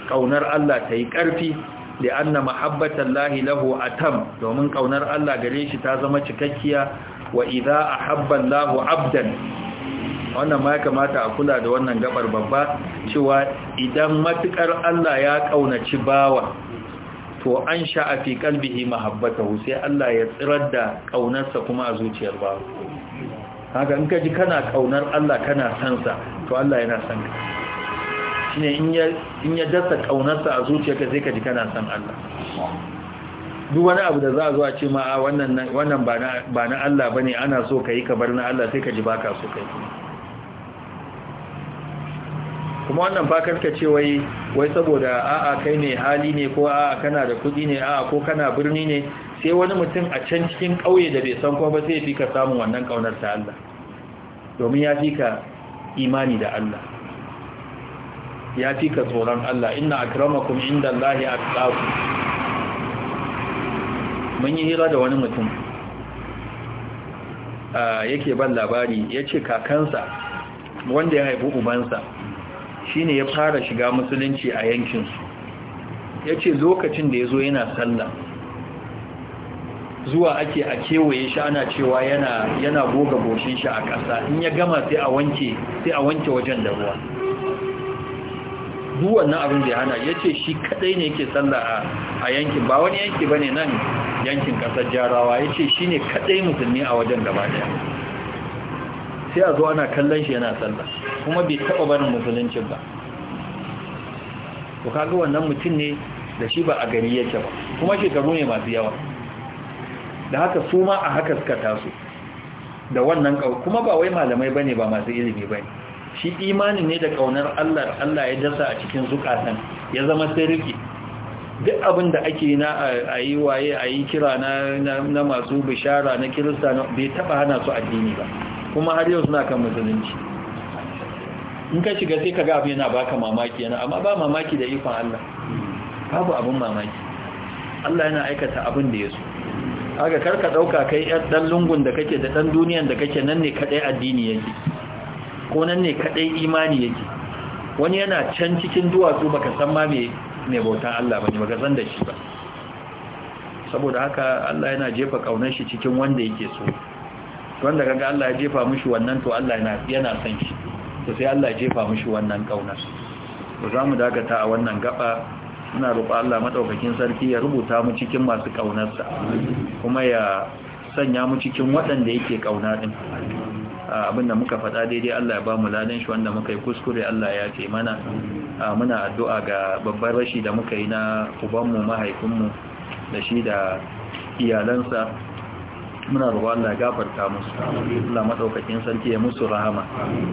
Speaker 1: kaunar eh, Allah ta yi ƙarfi da anna mahabbatan lahi lahu atam domin kaunar Allah gare shi ta zama cikakkiya wa idza ahabba Allahu abdan wannan ma ya kamata a kula da wannan gabar babba cewa idan matukar Allah ya kaunaci bawa to an sha'a fi kalbihi mahabbatahu sai Allah ya tsirar da ƙaunarsa kuma a zuciyar ba haka in ka ji kana ƙaunar Allah kana san sa to Allah yana san ka shine in ya in ya dasa ƙaunarsa a zuciyarka sai ka ji kana san Allah duk wani abu da za a zo a ce ma a wannan wannan ba na ba na Allah bane ana so kai ka bar na Allah sai ka ji baka so kai kuma wannan ba ka ce wai wai saboda a'a kai ne hali ne ko a'a kana da kudi ne a'a ko kana birni ne sai wani mutum a can cikin kauye da bai san kuma ba sai ya fi samun wannan kaunar ta Allah domin ya fi ka imani da Allah ya fi tsoron Allah inna akramakum inda atqakum mun yi hira da wani mutum yake ban labari ya ce kakansa wanda ya haifi ubansa shine ya fara shiga musulunci a yankin su yace lokacin da ya zo yana sallah zuwa ake a kewaye shi ana cewa yana yana goga goshin shi a ƙasa in ya gama sai a wanke sai a wanke wajen da ruwa duk wannan abin da ya hana ya shi kadai ne yake sallah a yankin ba wani yanki bane nan yankin ƙasar jarawa yace shine shi kadai musulmi a wajen gaba daya sai a zo ana kallon shi yana sallah kuma bai taɓa barin musuluncin ba to kaga wannan mutum ne da shi ba a gari yake ba kuma shekaru ne masu yawa da haka su ma a haka suka taso da wannan ƙau kuma ba wai malamai bane ba masu ilimi bane shi imanin ne da ƙaunar Allah Allah ya dasa a cikin zukatan ya zama sai rike duk abin da ake na a yi waye a yi kira na masu bishara na kirista bai taɓa hana su addini ba kuma har yau suna kan musulunci in ka shiga sai ka ga abin yana baka mamaki yana amma ba mamaki da ikon Allah babu abin mamaki Allah yana aikata abin da ya so haka karka dauka kai yar dan lungun da kake da dan duniyan da kake nan ne kadai addini yake ko nan ne kadai imani yake wani yana can cikin duwatsu baka san ma me ne bautan Allah bane baka san da shi ba saboda haka Allah yana jefa kaunar shi cikin wanda yake so wanda kaga Allah ya jefa mushi wannan to Allah yana yana san shi to sai Allah ya jefa mushi wannan kauna to zamu dakata a wannan gaba muna roƙo Allah madaukakin sarki ya rubuta mu cikin masu kaunarsa kuma ya sanya mu cikin waɗanda yake kauna din abinda muka faɗa daidai Allah ya ba mu ladan shi wanda muka yi kuskure Allah ya ce mana muna addu'a ga babban rashi da muka yi na ubanmu mahaifinmu da shi da iyalansa muna roƙon Allah gafarta musu Allah madaukakin sarki ya musu rahama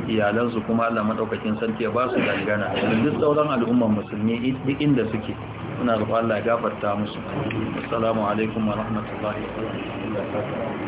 Speaker 1: iyalan su kuma Allah madaukakin sarki ya ba su dangana duk sauran al'umman musulmi duk inda suke muna roƙon Allah gafarta musu assalamu alaikum wa rahmatullahi wa
Speaker 2: barakatuh